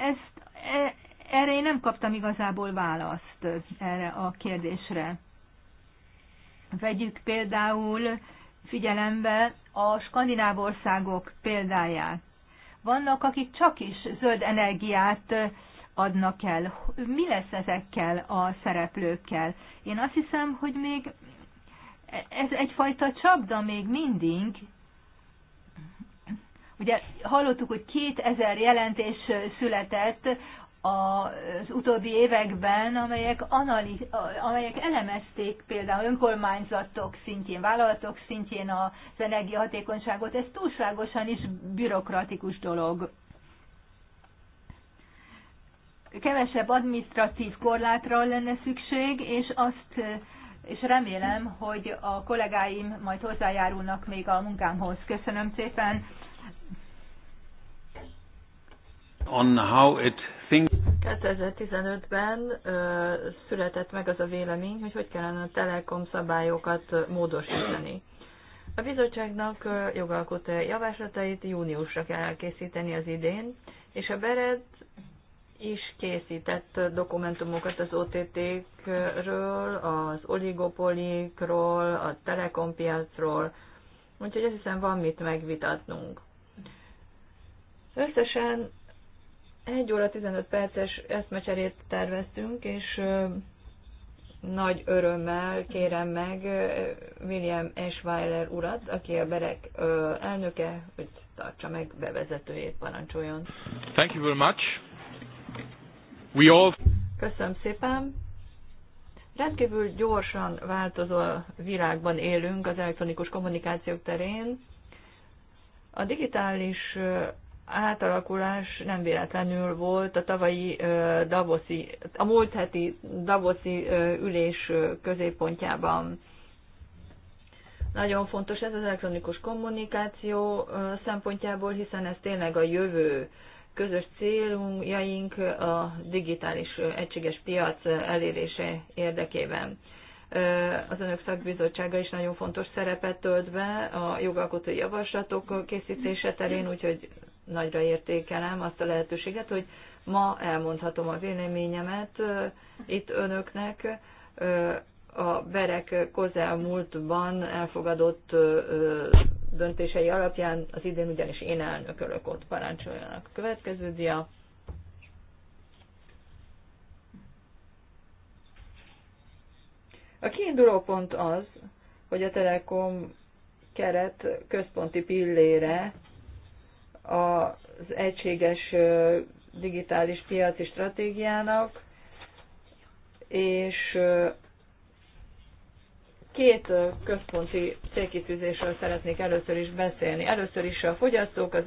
Ezt, e, erre én nem kaptam igazából választ erre a kérdésre. Vegyük például figyelembe a skandináv országok példáját. Vannak, akik csak is zöld energiát adnak el. Mi lesz ezekkel a szereplőkkel? Én azt hiszem, hogy még ez egyfajta csapda még mindig. Ugye hallottuk, hogy 2000 jelentés született az utóbbi években, amelyek, analiz, amelyek elemezték például önkormányzatok szintjén, vállalatok szintjén az energiahatékonyságot, ez túlságosan is bürokratikus dolog. Kevesebb administratív korlátra lenne szükség, és azt és remélem, hogy a kollégáim majd hozzájárulnak még a munkámhoz. Köszönöm szépen!
On how it thinks.
2015-ben született meg az a vélemény, hogy hogy kellene a telekom szabályokat módosítani. A bizottságnak jogalkotó javaslatait júniusra kell elkészíteni az idén, és a Bered is készített dokumentumokat az OTT-kről, az oligopolikról, a telekompiacról, úgyhogy azt hiszem van mit megvitatnunk. Összesen 1 óra 15 perces eszmecserét terveztünk, és nagy örömmel kérem meg William Eschweiler urat, aki a Berek elnöke, hogy tartsa meg bevezetőjét, parancsoljon.
Thank you very much. We all...
Köszönöm szépen. Rendkívül gyorsan változó világban élünk az elektronikus kommunikációk terén. A digitális átalakulás nem véletlenül volt a tavalyi Davoszi, a múlt heti Davoszi ülés középpontjában. Nagyon fontos ez az elektronikus kommunikáció szempontjából, hiszen ez tényleg a jövő közös céljaink a digitális egységes piac elérése érdekében. Az önök szakbizottsága is nagyon fontos szerepet tölt be a jogalkotói javaslatok készítése terén, úgyhogy nagyra értékelem azt a lehetőséget, hogy ma elmondhatom a véleményemet itt önöknek a Berek közelmúltban elfogadott döntései alapján az idén ugyanis én elnökölök ott parancsoljanak. Következő dia. A kiinduló pont az, hogy a Telekom keret központi pillére az egységes digitális piaci stratégiának, és két központi célkitűzésről szeretnék először is beszélni. Először is a fogyasztók, az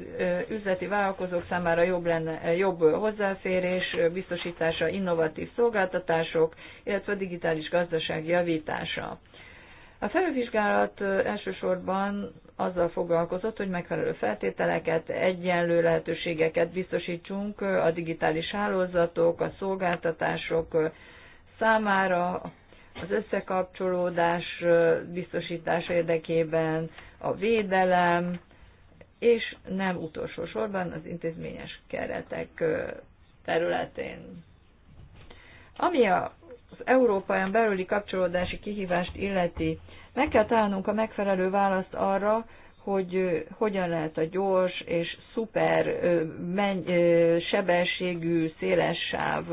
üzleti vállalkozók számára jobb, lenne, jobb hozzáférés, biztosítása, innovatív szolgáltatások, illetve a digitális gazdaság javítása. A felülvizsgálat elsősorban azzal foglalkozott, hogy megfelelő feltételeket, egyenlő lehetőségeket biztosítsunk a digitális hálózatok, a szolgáltatások számára, az összekapcsolódás biztosítása érdekében, a védelem, és nem utolsó sorban az intézményes keretek területén. Ami a az Európán belüli kapcsolódási kihívást illeti. Meg kell találnunk a megfelelő választ arra, hogy hogyan lehet a gyors és szuper menny, sebességű széles sáv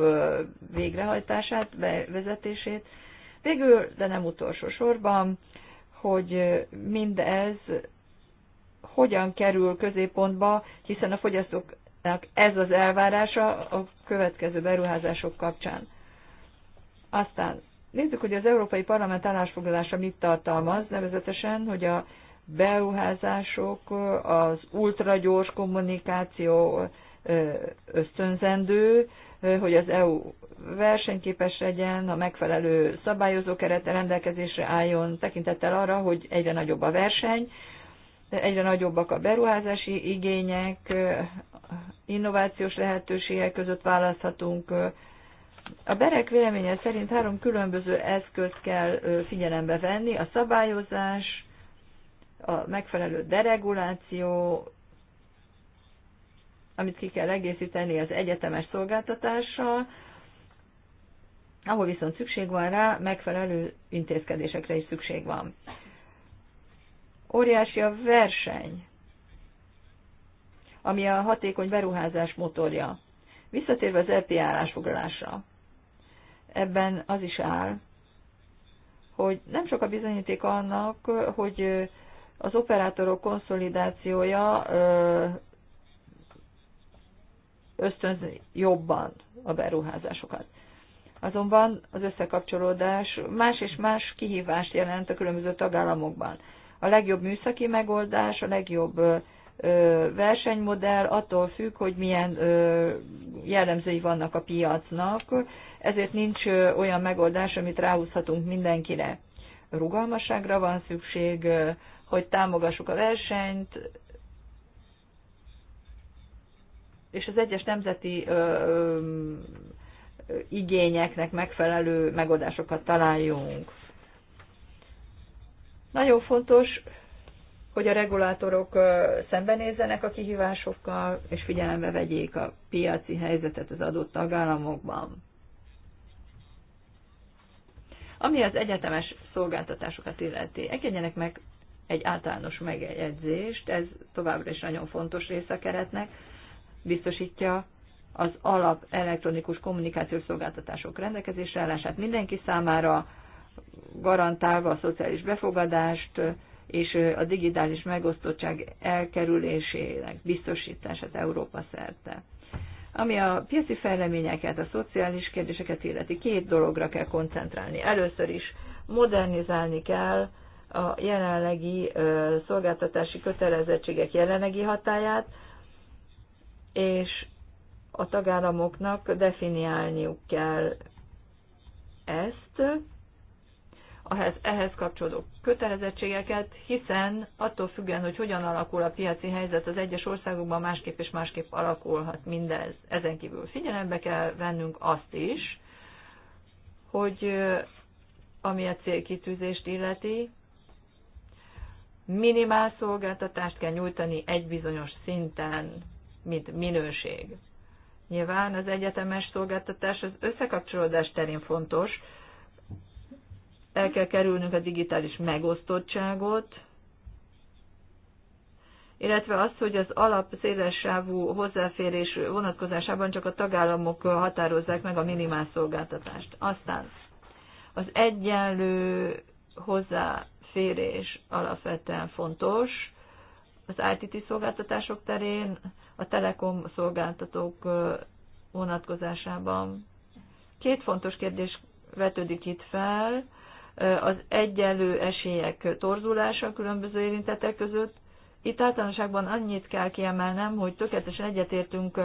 végrehajtását, bevezetését. Végül, de nem utolsó sorban, hogy mindez hogyan kerül középpontba, hiszen a fogyasztóknak ez az elvárása a következő beruházások kapcsán. Aztán nézzük, hogy az Európai Parlament állásfoglalása mit tartalmaz, nevezetesen, hogy a beruházások, az ultragyors kommunikáció ösztönzendő, hogy az EU versenyképes legyen, a megfelelő szabályozó kerete rendelkezésre álljon, tekintettel arra, hogy egyre nagyobb a verseny, egyre nagyobbak a beruházási igények, innovációs lehetőségek között választhatunk, a berek véleménye szerint három különböző eszközt kell figyelembe venni, a szabályozás, a megfelelő dereguláció, amit ki kell egészíteni az egyetemes szolgáltatással, ahol viszont szükség van rá, megfelelő intézkedésekre is szükség van. Óriási a verseny, ami a hatékony beruházás motorja. Visszatérve az EP állásfoglalásra ebben az is áll, hogy nem sok a bizonyíték annak, hogy az operátorok konszolidációja ösztönz jobban a beruházásokat. Azonban az összekapcsolódás más és más kihívást jelent a különböző tagállamokban. A legjobb műszaki megoldás, a legjobb versenymodell attól függ, hogy milyen jellemzői vannak a piacnak, ezért nincs olyan megoldás, amit ráhúzhatunk mindenkire. Rugalmasságra van szükség, hogy támogassuk a versenyt, és az egyes nemzeti ö, ö, igényeknek megfelelő megoldásokat találjunk. Nagyon fontos hogy a regulátorok szembenézzenek a kihívásokkal, és figyelembe vegyék a piaci helyzetet az adott tagállamokban. Ami az egyetemes szolgáltatásokat illeti, engedjenek meg egy általános megjegyzést, ez továbbra is nagyon fontos része a keretnek, biztosítja az alap elektronikus kommunikációs szolgáltatások rendelkezésre állását mindenki számára, garantálva a szociális befogadást, és a digitális megosztottság elkerülésének biztosítását Európa szerte. Ami a piaci fejleményeket, a szociális kérdéseket illeti, két dologra kell koncentrálni. Először is modernizálni kell a jelenlegi szolgáltatási kötelezettségek jelenlegi hatáját, és a tagállamoknak definiálniuk kell ezt, ehhez, ehhez kapcsolódó kötelezettségeket, hiszen attól függően, hogy hogyan alakul a piaci helyzet az egyes országokban, másképp és másképp alakulhat mindez. Ezen kívül figyelembe kell vennünk azt is, hogy ami a célkitűzést illeti, minimál szolgáltatást kell nyújtani egy bizonyos szinten, mint minőség. Nyilván az egyetemes szolgáltatás az összekapcsolódás terén fontos, el kell kerülnünk a digitális megosztottságot, illetve az, hogy az alap szélessávú hozzáférés vonatkozásában csak a tagállamok határozzák meg a minimál szolgáltatást. Aztán az egyenlő hozzáférés alapvetően fontos az ITT szolgáltatások terén, a telekom szolgáltatók vonatkozásában. Két fontos kérdés vetődik itt fel az egyenlő esélyek torzulása különböző érintettek között. Itt általánoságban annyit kell kiemelnem, hogy tökéletesen egyetértünk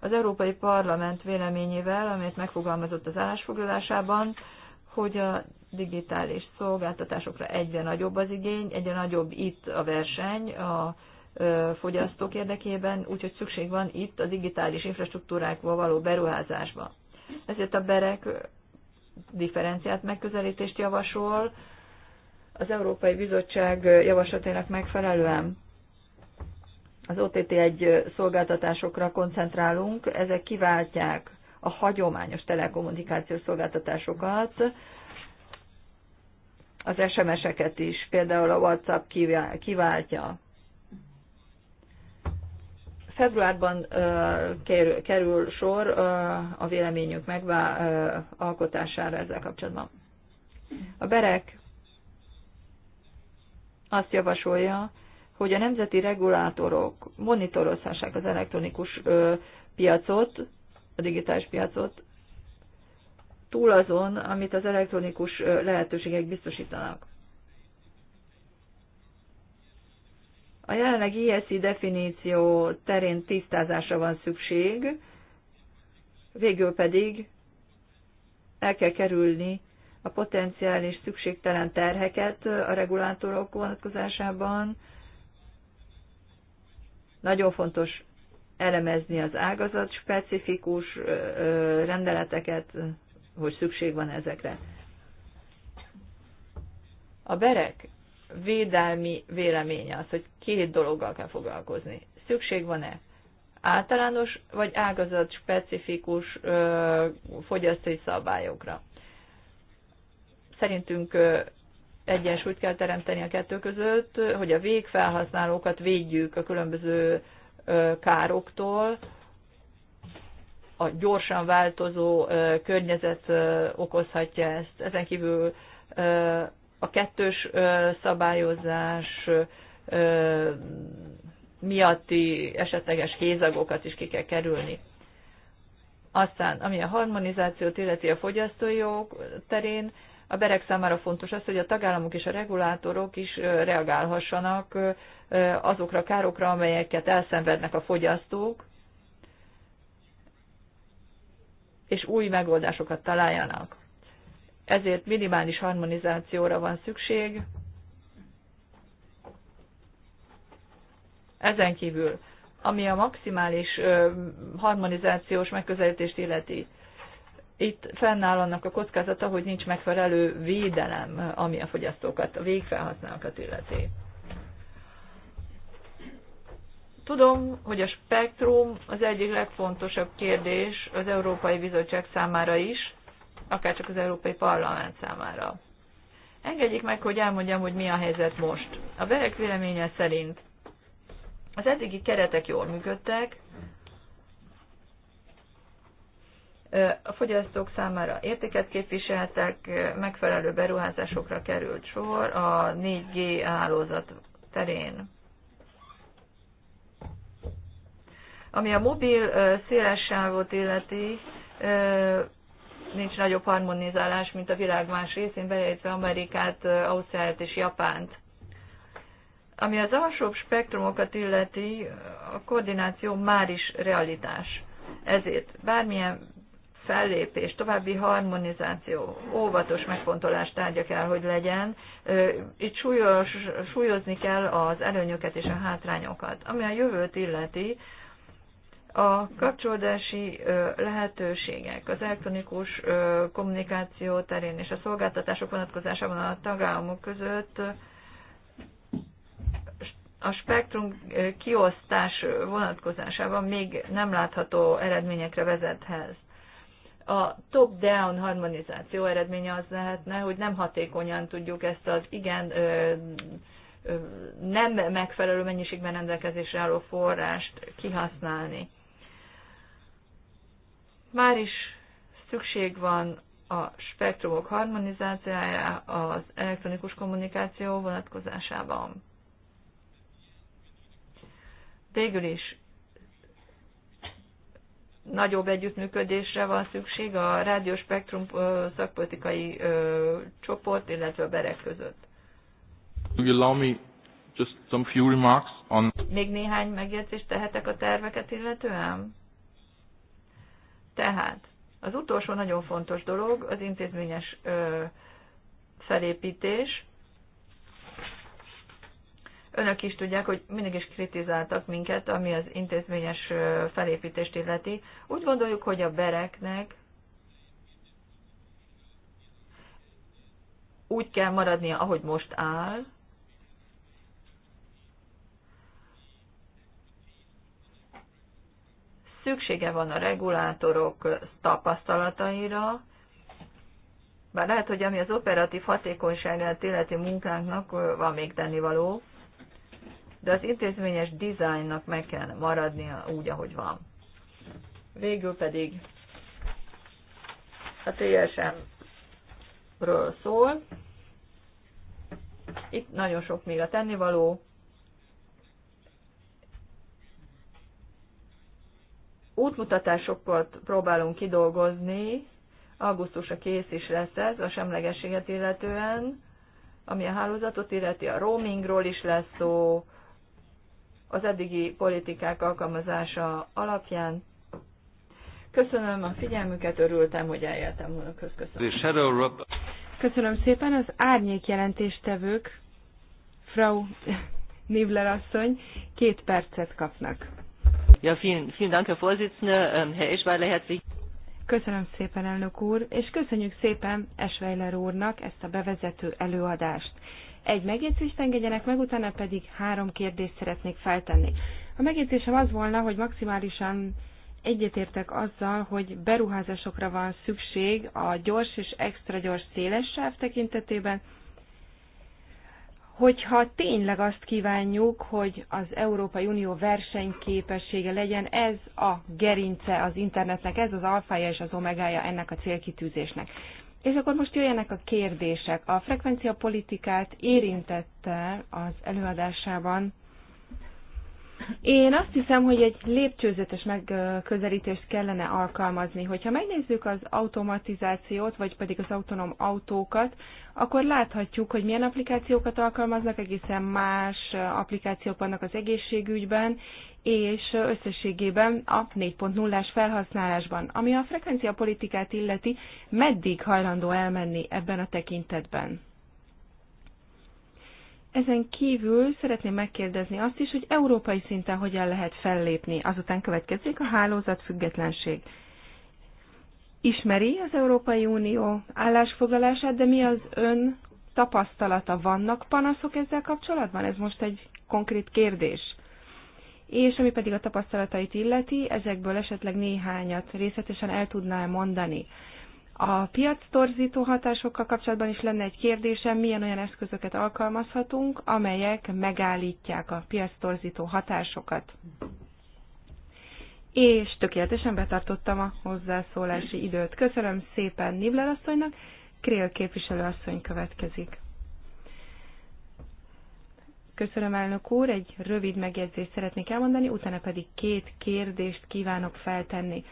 az Európai Parlament véleményével, amelyet megfogalmazott az állásfoglalásában, hogy a digitális szolgáltatásokra egyre nagyobb az igény, egyre nagyobb itt a verseny a fogyasztók érdekében, úgyhogy szükség van itt a digitális infrastruktúrákba való beruházásba. Ezért a berek differenciált megközelítést javasol az Európai Bizottság javaslatének megfelelően. Az ott egy szolgáltatásokra koncentrálunk, ezek kiváltják a hagyományos telekommunikációs szolgáltatásokat, az SMS-eket is, például a WhatsApp kiváltja. Februárban kerül, kerül sor a véleményünk alkotására ezzel kapcsolatban. A berek azt javasolja, hogy a nemzeti regulátorok monitorozhassák az elektronikus piacot, a digitális piacot, túl azon, amit az elektronikus lehetőségek biztosítanak. A jelenleg ISI definíció terén tisztázásra van szükség, végül pedig el kell kerülni a potenciális szükségtelen terheket a regulátorok vonatkozásában. Nagyon fontos elemezni az ágazat specifikus rendeleteket, hogy szükség van ezekre. A berek védelmi véleménye az, hogy két dologgal kell foglalkozni. Szükség van-e általános vagy ágazat specifikus ö, fogyasztói szabályokra? Szerintünk ö, egyensúlyt kell teremteni a kettő között, hogy a végfelhasználókat védjük a különböző ö, károktól, a gyorsan változó környezet okozhatja ezt. Ezen kívül a kettős szabályozás miatti esetleges hézagokat is ki kell kerülni. Aztán, ami a harmonizációt illeti a fogyasztói jog terén, a berek számára fontos az, hogy a tagállamok és a regulátorok is reagálhassanak azokra a károkra, amelyeket elszenvednek a fogyasztók, és új megoldásokat találjanak ezért minimális harmonizációra van szükség. Ezen kívül, ami a maximális harmonizációs megközelítést illeti, itt fennáll annak a kockázata, hogy nincs megfelelő védelem, ami a fogyasztókat, a végfelhasználókat illeti. Tudom, hogy a spektrum az egyik legfontosabb kérdés az Európai Bizottság számára is, akárcsak az Európai Parlament számára. Engedjék meg, hogy elmondjam, hogy mi a helyzet most. A berek véleménye szerint az eddigi keretek jól működtek, a fogyasztók számára értéket képviseltek, megfelelő beruházásokra került sor a 4G hálózat terén. Ami a mobil széles illeti, nincs nagyobb harmonizálás, mint a világ más részén, beleértve Amerikát, Ausztráliát és Japánt. Ami az alsóbb spektrumokat illeti, a koordináció már is realitás. Ezért bármilyen fellépés, további harmonizáció, óvatos megfontolás tárgya kell, hogy legyen. Itt súlyos, súlyozni kell az előnyöket és a hátrányokat. Ami a jövőt illeti, a kapcsolódási lehetőségek az elektronikus kommunikáció terén és a szolgáltatások vonatkozásában a tagállamok között a spektrum kiosztás vonatkozásában még nem látható eredményekre vezethez. A top-down harmonizáció eredménye az lehetne, hogy nem hatékonyan tudjuk ezt az igen nem megfelelő mennyiségben rendelkezésre álló forrást kihasználni. Már is szükség van a spektrumok harmonizációjára az elektronikus kommunikáció vonatkozásában. Végül is nagyobb együttműködésre van szükség a rádióspektrum szakpolitikai csoport, illetve a berek között. Még néhány megjegyzést tehetek a terveket illetően? Tehát az utolsó nagyon fontos dolog az intézményes ö, felépítés. Önök is tudják, hogy mindig is kritizáltak minket, ami az intézményes felépítést illeti. Úgy gondoljuk, hogy a bereknek úgy kell maradnia, ahogy most áll, szüksége van a regulátorok tapasztalataira, bár lehet, hogy ami az operatív hatékonyságát illeti munkánknak van még tennivaló, de az intézményes dizájnnak meg kell maradnia úgy, ahogy van. Végül pedig a TSM-ről szól. Itt nagyon sok még a tennivaló, útmutatásokat próbálunk kidolgozni, Augusztus a kész is lesz ez a semlegességet illetően, ami a hálózatot illeti, a roamingról is lesz szó, az eddigi politikák alkalmazása alapján. Köszönöm a figyelmüket, örültem, hogy eljöttem önökhöz. Köszönöm.
Köszönöm szépen az árnyék jelentéstevők, Frau Nibler asszony, két percet kapnak.
Ja, vielen, vielen Dank, Herr Vorsitzender, ähm, Herr Eschweiler, herzlich.
Köszönöm szépen, elnök úr, és köszönjük szépen Esweiler úrnak ezt a bevezető előadást. Egy megjegyzést engedjenek meg, utána pedig három kérdést szeretnék feltenni. A megjegyzésem az volna, hogy maximálisan egyetértek azzal, hogy beruházásokra van szükség a gyors és extra gyors széles sáv tekintetében, hogyha tényleg azt kívánjuk, hogy az Európai Unió versenyképessége legyen, ez a gerince az internetnek, ez az alfája és az omegája ennek a célkitűzésnek. És akkor most jöjjenek a kérdések. A frekvenciapolitikát érintette az előadásában én azt hiszem, hogy egy lépcsőzetes megközelítést kellene alkalmazni. Hogyha megnézzük az automatizációt, vagy pedig az autonóm autókat, akkor láthatjuk, hogy milyen applikációkat alkalmaznak, egészen más applikációk vannak az egészségügyben, és összességében a 4.0-ás felhasználásban, ami a frekvenciapolitikát illeti, meddig hajlandó elmenni ebben a tekintetben. Ezen kívül szeretném megkérdezni azt is, hogy európai szinten hogyan lehet fellépni. Azután következik a hálózat függetlenség. Ismeri az Európai Unió állásfoglalását, de mi az ön tapasztalata? Vannak panaszok ezzel kapcsolatban? Ez most egy konkrét kérdés. És ami pedig a tapasztalatait illeti, ezekből esetleg néhányat részletesen el tudná mondani. A piac torzító hatásokkal kapcsolatban is lenne egy kérdésem, milyen olyan eszközöket alkalmazhatunk, amelyek megállítják a piac torzító hatásokat. És tökéletesen betartottam a hozzászólási időt. Köszönöm szépen Nibler asszonynak, Krél képviselő asszony következik. Köszönöm, elnök úr, egy rövid megjegyzést szeretnék elmondani, utána pedig két kérdést kívánok feltenni.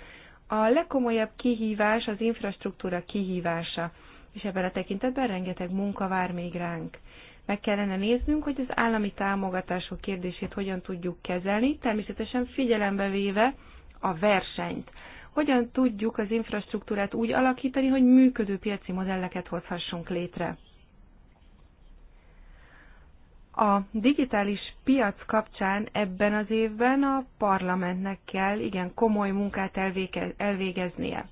A legkomolyabb kihívás az infrastruktúra kihívása, és ebben a tekintetben rengeteg munka vár még ránk. Meg kellene néznünk, hogy az állami támogatások kérdését hogyan tudjuk kezelni, természetesen figyelembe véve a versenyt. Hogyan tudjuk az infrastruktúrát úgy alakítani, hogy működő piaci modelleket hozhassunk létre. A digitális piac kapcsán ebben az évben a parlamentnek kell igen komoly munkát elvégeznie.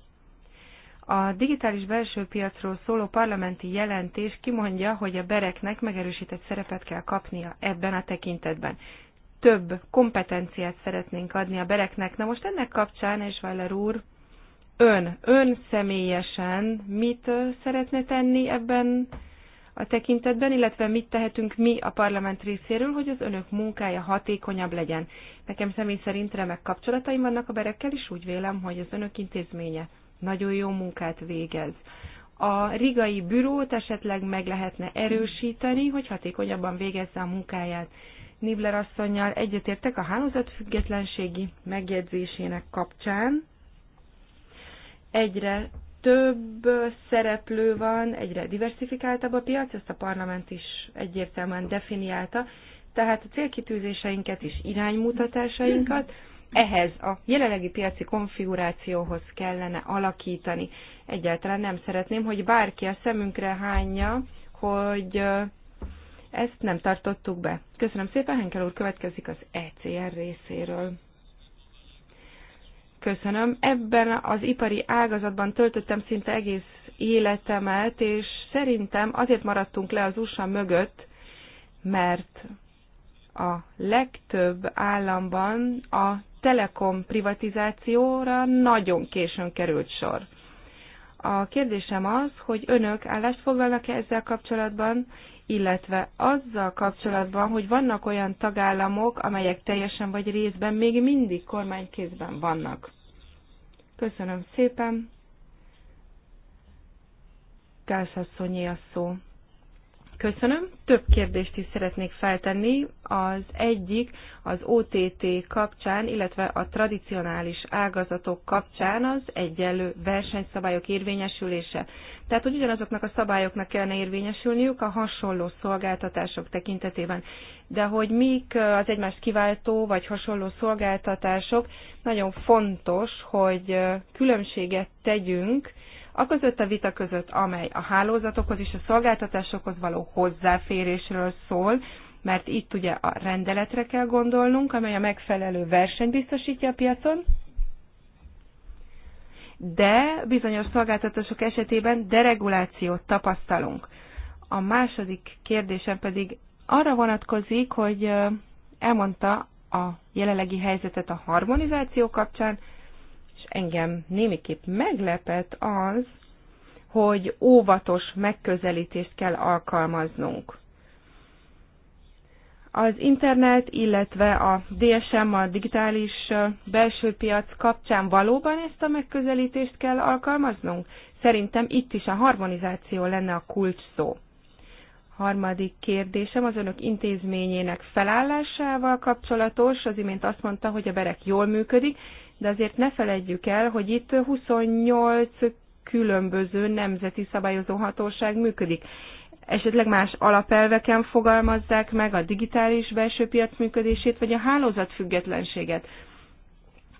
A digitális belső piacról szóló parlamenti jelentés kimondja, hogy a bereknek megerősített szerepet kell kapnia ebben a tekintetben. Több kompetenciát szeretnénk adni a bereknek. Na most ennek kapcsán, és Weller úr, ön, ön személyesen mit szeretne tenni ebben a tekintetben, illetve mit tehetünk mi a parlament részéről, hogy az önök munkája hatékonyabb legyen. Nekem személy szerint remek kapcsolataim vannak a berekkel, és úgy vélem, hogy az önök intézménye nagyon jó munkát végez. A rigai bürót esetleg meg lehetne erősíteni, hogy hatékonyabban végezze a munkáját. Nibler asszonynal egyetértek a hálózat függetlenségi megjegyzésének kapcsán. Egyre több szereplő van, egyre diversifikáltabb a piac, ezt a parlament is egyértelműen definiálta, tehát a célkitűzéseinket és iránymutatásainkat ehhez a jelenlegi piaci konfigurációhoz kellene alakítani. Egyáltalán nem szeretném, hogy bárki a szemünkre hányja, hogy ezt nem tartottuk be. Köszönöm szépen, Henkel úr, következik az ECR részéről. Köszönöm. Ebben az ipari ágazatban töltöttem szinte egész életemet, és szerintem azért maradtunk le az USA mögött, mert a legtöbb államban a telekom privatizációra nagyon későn került sor. A kérdésem az, hogy önök állást foglalnak-e ezzel kapcsolatban, illetve azzal kapcsolatban, hogy vannak olyan tagállamok, amelyek teljesen vagy részben még mindig kormánykézben vannak. Köszönöm szépen. Gálsasszonyé a szó. Köszönöm. Több kérdést is szeretnék feltenni. Az egyik az OTT kapcsán, illetve a tradicionális ágazatok kapcsán az egyenlő versenyszabályok érvényesülése. Tehát, hogy ugyanazoknak a szabályoknak kellene érvényesülniük a hasonló szolgáltatások tekintetében. De hogy mik az egymást kiváltó vagy hasonló szolgáltatások, nagyon fontos, hogy különbséget tegyünk, aközött a vita között, amely a hálózatokhoz és a szolgáltatásokhoz való hozzáférésről szól, mert itt ugye a rendeletre kell gondolnunk, amely a megfelelő verseny biztosítja a piacon, de bizonyos szolgáltatások esetében deregulációt tapasztalunk. A második kérdésem pedig arra vonatkozik, hogy elmondta a jelenlegi helyzetet a harmonizáció kapcsán, engem némiképp meglepett az, hogy óvatos megközelítést kell alkalmaznunk. Az internet, illetve a DSM, a digitális belső piac kapcsán valóban ezt a megközelítést kell alkalmaznunk? Szerintem itt is a harmonizáció lenne a kulcs szó. Harmadik kérdésem az önök intézményének felállásával kapcsolatos. Az imént azt mondta, hogy a berek jól működik, de azért ne feledjük el, hogy itt 28 különböző nemzeti szabályozó hatóság működik. Esetleg más alapelveken fogalmazzák meg a digitális belső piac működését, vagy a hálózat függetlenséget.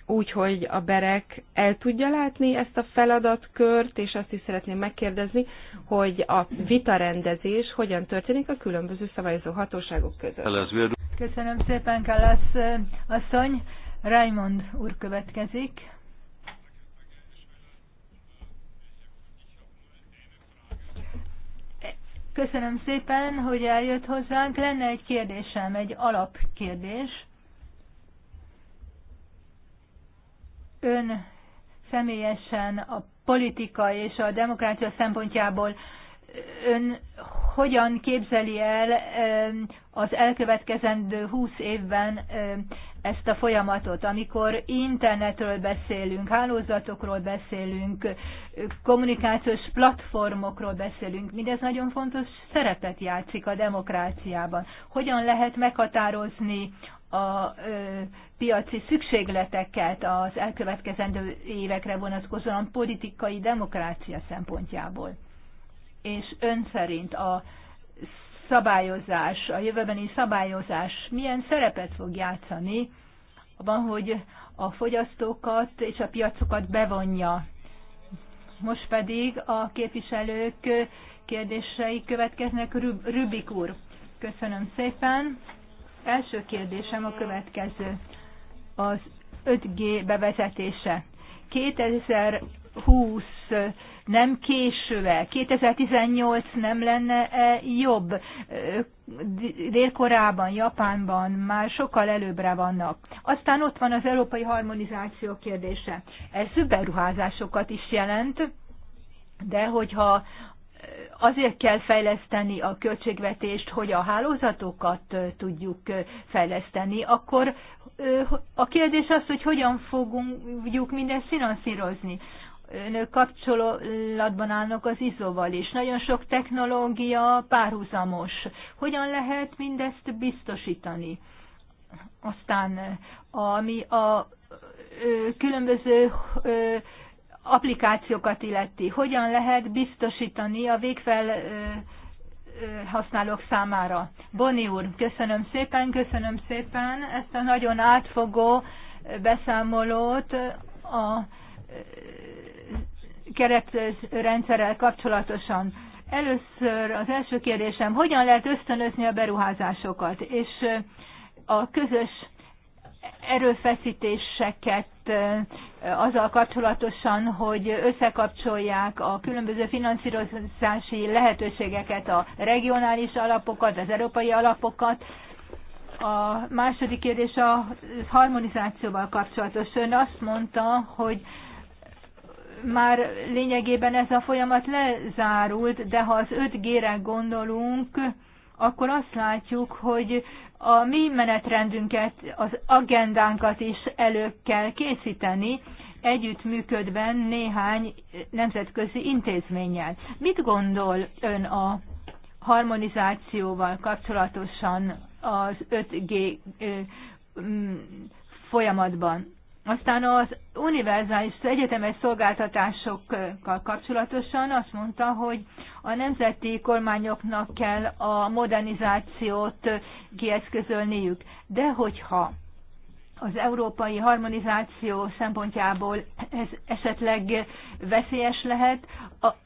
Úgyhogy a berek el tudja látni ezt a feladatkört, és azt is szeretném megkérdezni, hogy a vitarendezés hogyan történik a különböző szabályozó hatóságok
között. Köszönöm szépen, Kalasz asszony. Raymond úr következik. Köszönöm szépen, hogy eljött hozzánk. Lenne egy kérdésem, egy alapkérdés. Ön személyesen a politika és a demokrácia szempontjából ön hogyan képzeli el az elkövetkezendő 20 évben ezt a folyamatot, amikor internetről beszélünk, hálózatokról beszélünk, kommunikációs platformokról beszélünk, mindez nagyon fontos szerepet játszik a demokráciában. Hogyan lehet meghatározni a piaci szükségleteket az elkövetkezendő évekre vonatkozóan politikai demokrácia szempontjából és ön szerint a szabályozás, a jövőbeni szabályozás milyen szerepet fog játszani abban, hogy a fogyasztókat és a piacokat bevonja. Most pedig a képviselők kérdései következnek. Rubik úr, köszönöm szépen. Első kérdésem a következő. Az 5G bevezetése. 2000 2020 nem késő 2018 nem lenne -e jobb? Délkorában, Japánban már sokkal előbbre vannak. Aztán ott van az európai harmonizáció kérdése. Ez beruházásokat is jelent, de hogyha azért kell fejleszteni a költségvetést, hogy a hálózatokat tudjuk fejleszteni, akkor a kérdés az, hogy hogyan fogunk mindezt finanszírozni önök kapcsolatban állnak az izóval is. Nagyon sok technológia párhuzamos. Hogyan lehet mindezt biztosítani? Aztán ami a különböző applikációkat illeti, hogyan lehet biztosítani a végfel használók számára. Boni úr, köszönöm szépen, köszönöm szépen ezt a nagyon átfogó beszámolót a keretrendszerrel kapcsolatosan. Először az első kérdésem, hogyan lehet ösztönözni a beruházásokat, és a közös erőfeszítéseket azzal kapcsolatosan, hogy összekapcsolják a különböző finanszírozási lehetőségeket, a regionális alapokat, az európai alapokat. A második kérdés a harmonizációval kapcsolatos. Ön azt mondta, hogy már lényegében ez a folyamat lezárult, de ha az 5G-re gondolunk, akkor azt látjuk, hogy a mi menetrendünket, az agendánkat is elő kell készíteni, együttműködve néhány nemzetközi intézménnyel. Mit gondol ön a harmonizációval kapcsolatosan az 5G folyamatban? Aztán az univerzális egyetemes szolgáltatásokkal kapcsolatosan azt mondta, hogy a nemzeti kormányoknak kell a modernizációt kieszközölniük. De hogyha az európai harmonizáció szempontjából ez esetleg veszélyes lehet,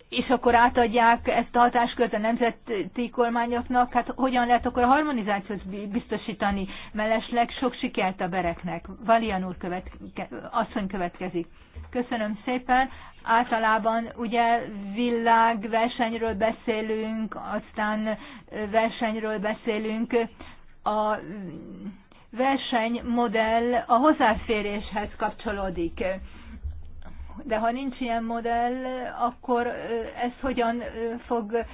és akkor átadják ezt a hatáskört a nemzeti kormányoknak, hát hogyan lehet akkor a harmonizációt biztosítani? Mellesleg sok sikert a bereknek. Valian úr követke, asszony következik. Köszönöm szépen. Általában ugye világversenyről beszélünk, aztán versenyről beszélünk. A versenymodell a hozzáféréshez kapcsolódik. De ha nincs ilyen modell, akkor ez hogyan fog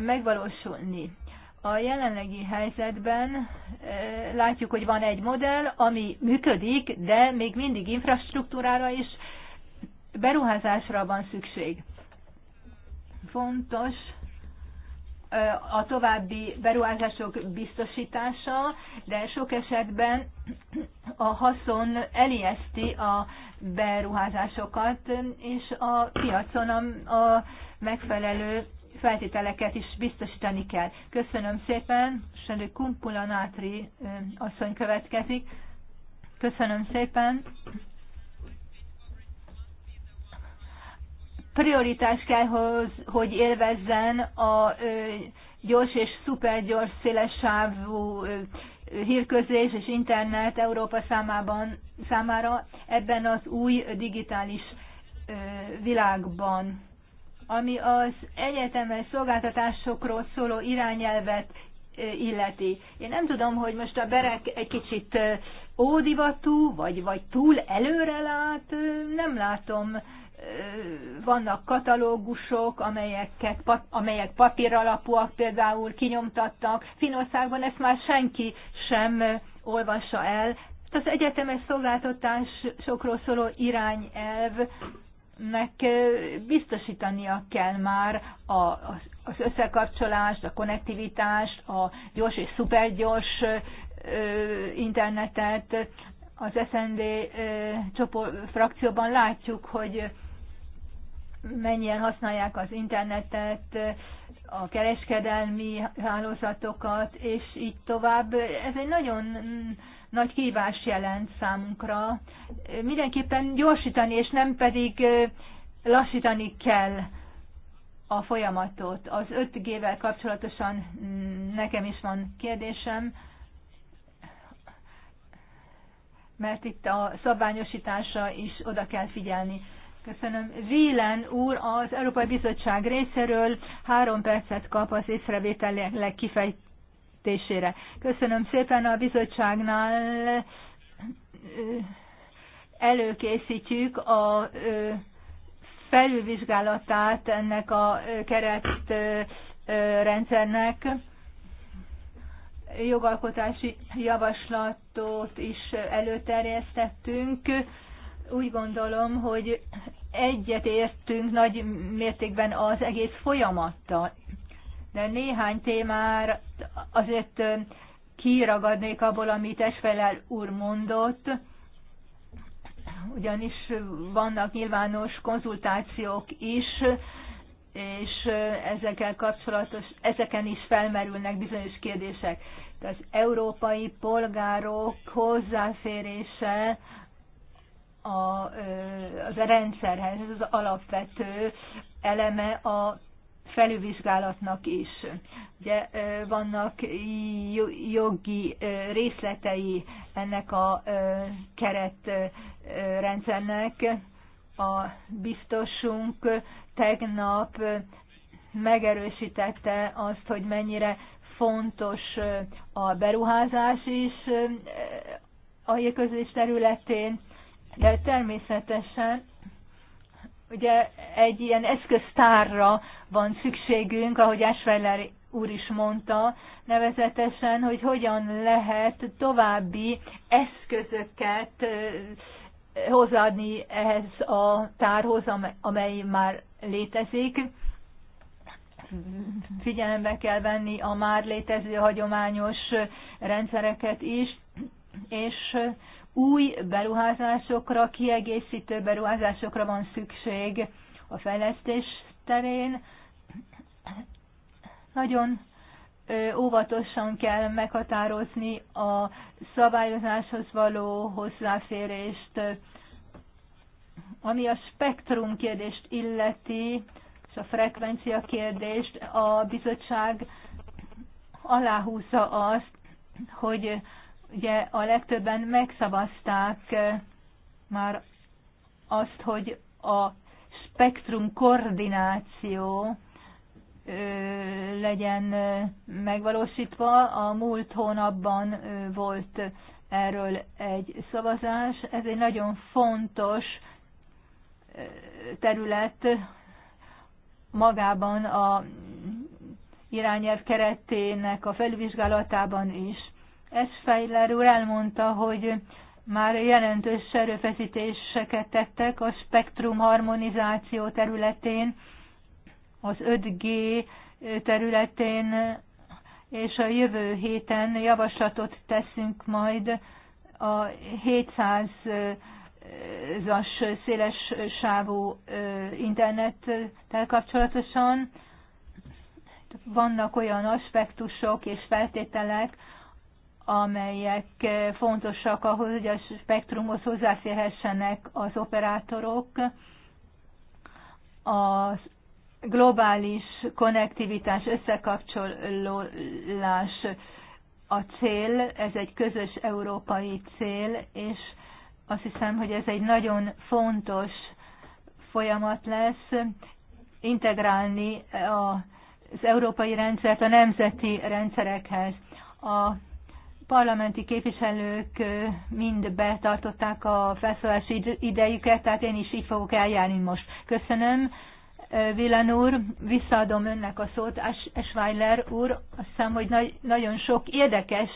megvalósulni? A jelenlegi helyzetben látjuk, hogy van egy modell, ami működik, de még mindig infrastruktúrára is beruházásra van szükség. Fontos a további beruházások biztosítása, de sok esetben a haszon elijeszti a beruházásokat, és a piacon a, a megfelelő feltételeket is biztosítani kell. Köszönöm szépen, Sönő Kumpula Nátri asszony következik. Köszönöm szépen. prioritás kell, hogy élvezzen a gyors és szupergyors sávú hírközlés és internet Európa számában, számára ebben az új digitális világban. Ami az egyetemes szolgáltatásokról szóló irányelvet illeti. Én nem tudom, hogy most a berek egy kicsit ódivatú, vagy, vagy túl előre lát, nem látom vannak katalógusok, amelyeket, amelyek papír alapúak például kinyomtattak. Finországban ezt már senki sem olvassa el. Hát az egyetemes szolgáltatásokról szóló irányelvnek biztosítania kell már az összekapcsolást, a konnektivitást, a gyors és szupergyors internetet, az SND csoport frakcióban látjuk, hogy mennyien használják az internetet, a kereskedelmi hálózatokat, és így tovább. Ez egy nagyon nagy kívás jelent számunkra. Mindenképpen gyorsítani, és nem pedig lassítani kell a folyamatot. Az 5G-vel kapcsolatosan mm, nekem is van kérdésem, mert itt a szabványosításra is oda kell figyelni. Köszönöm. Vélen úr az Európai Bizottság részéről három percet kap az észrevételek kifejtésére. Köszönöm szépen a bizottságnál előkészítjük a felülvizsgálatát ennek a keretrendszernek. Jogalkotási javaslatot is előterjesztettünk. Úgy gondolom, hogy egyet értünk nagy mértékben az egész folyamattal, de néhány témára azért kiragadnék abból, amit Esfelel úr mondott, ugyanis vannak nyilvános konzultációk is, és ezekkel kapcsolatos, ezeken is felmerülnek bizonyos kérdések. az európai polgárok hozzáférése a, az a e rendszerhez, ez az alapvető eleme a felülvizsgálatnak is. Ugye vannak jogi részletei ennek a keretrendszernek. A biztosunk tegnap megerősítette azt, hogy mennyire fontos a beruházás is a jégközlés területén, de természetesen ugye egy ilyen eszköztárra van szükségünk, ahogy Ásvájlár úr is mondta, nevezetesen, hogy hogyan lehet további eszközöket hozadni ehhez a tárhoz, amely már létezik. Figyelembe kell venni a már létező hagyományos rendszereket is, és új beruházásokra, kiegészítő beruházásokra van szükség a fejlesztés terén. Nagyon óvatosan kell meghatározni a szabályozáshoz való hozzáférést. Ami a spektrum kérdést illeti, és a frekvencia kérdést, a bizottság aláhúzza azt, hogy Ugye a legtöbben megszavazták eh, már azt, hogy a spektrum koordináció eh, legyen eh, megvalósítva. A múlt hónapban volt erről egy szavazás. Ez egy nagyon fontos terület magában a irányelv keretének a felvizsgálatában is. Esfeiler úr elmondta, hogy már jelentős erőfeszítéseket tettek a spektrum harmonizáció területén, az 5G területén, és a jövő héten javaslatot teszünk majd a 700-as széles sávú internettel kapcsolatosan. Vannak olyan aspektusok és feltételek, amelyek eh, fontosak ahhoz, hogy a spektrumhoz hozzáférhessenek az operátorok. A globális konnektivitás, összekapcsolás a cél, ez egy közös európai cél, és azt hiszem, hogy ez egy nagyon fontos folyamat lesz, integrálni az európai rendszert a nemzeti rendszerekhez. A parlamenti képviselők mind betartották a felszólási idejüket, tehát én is így fogok eljárni most. Köszönöm. Villan úr, visszaadom önnek a szót, Esweiler úr, azt hiszem, hogy nagy, nagyon sok érdekes,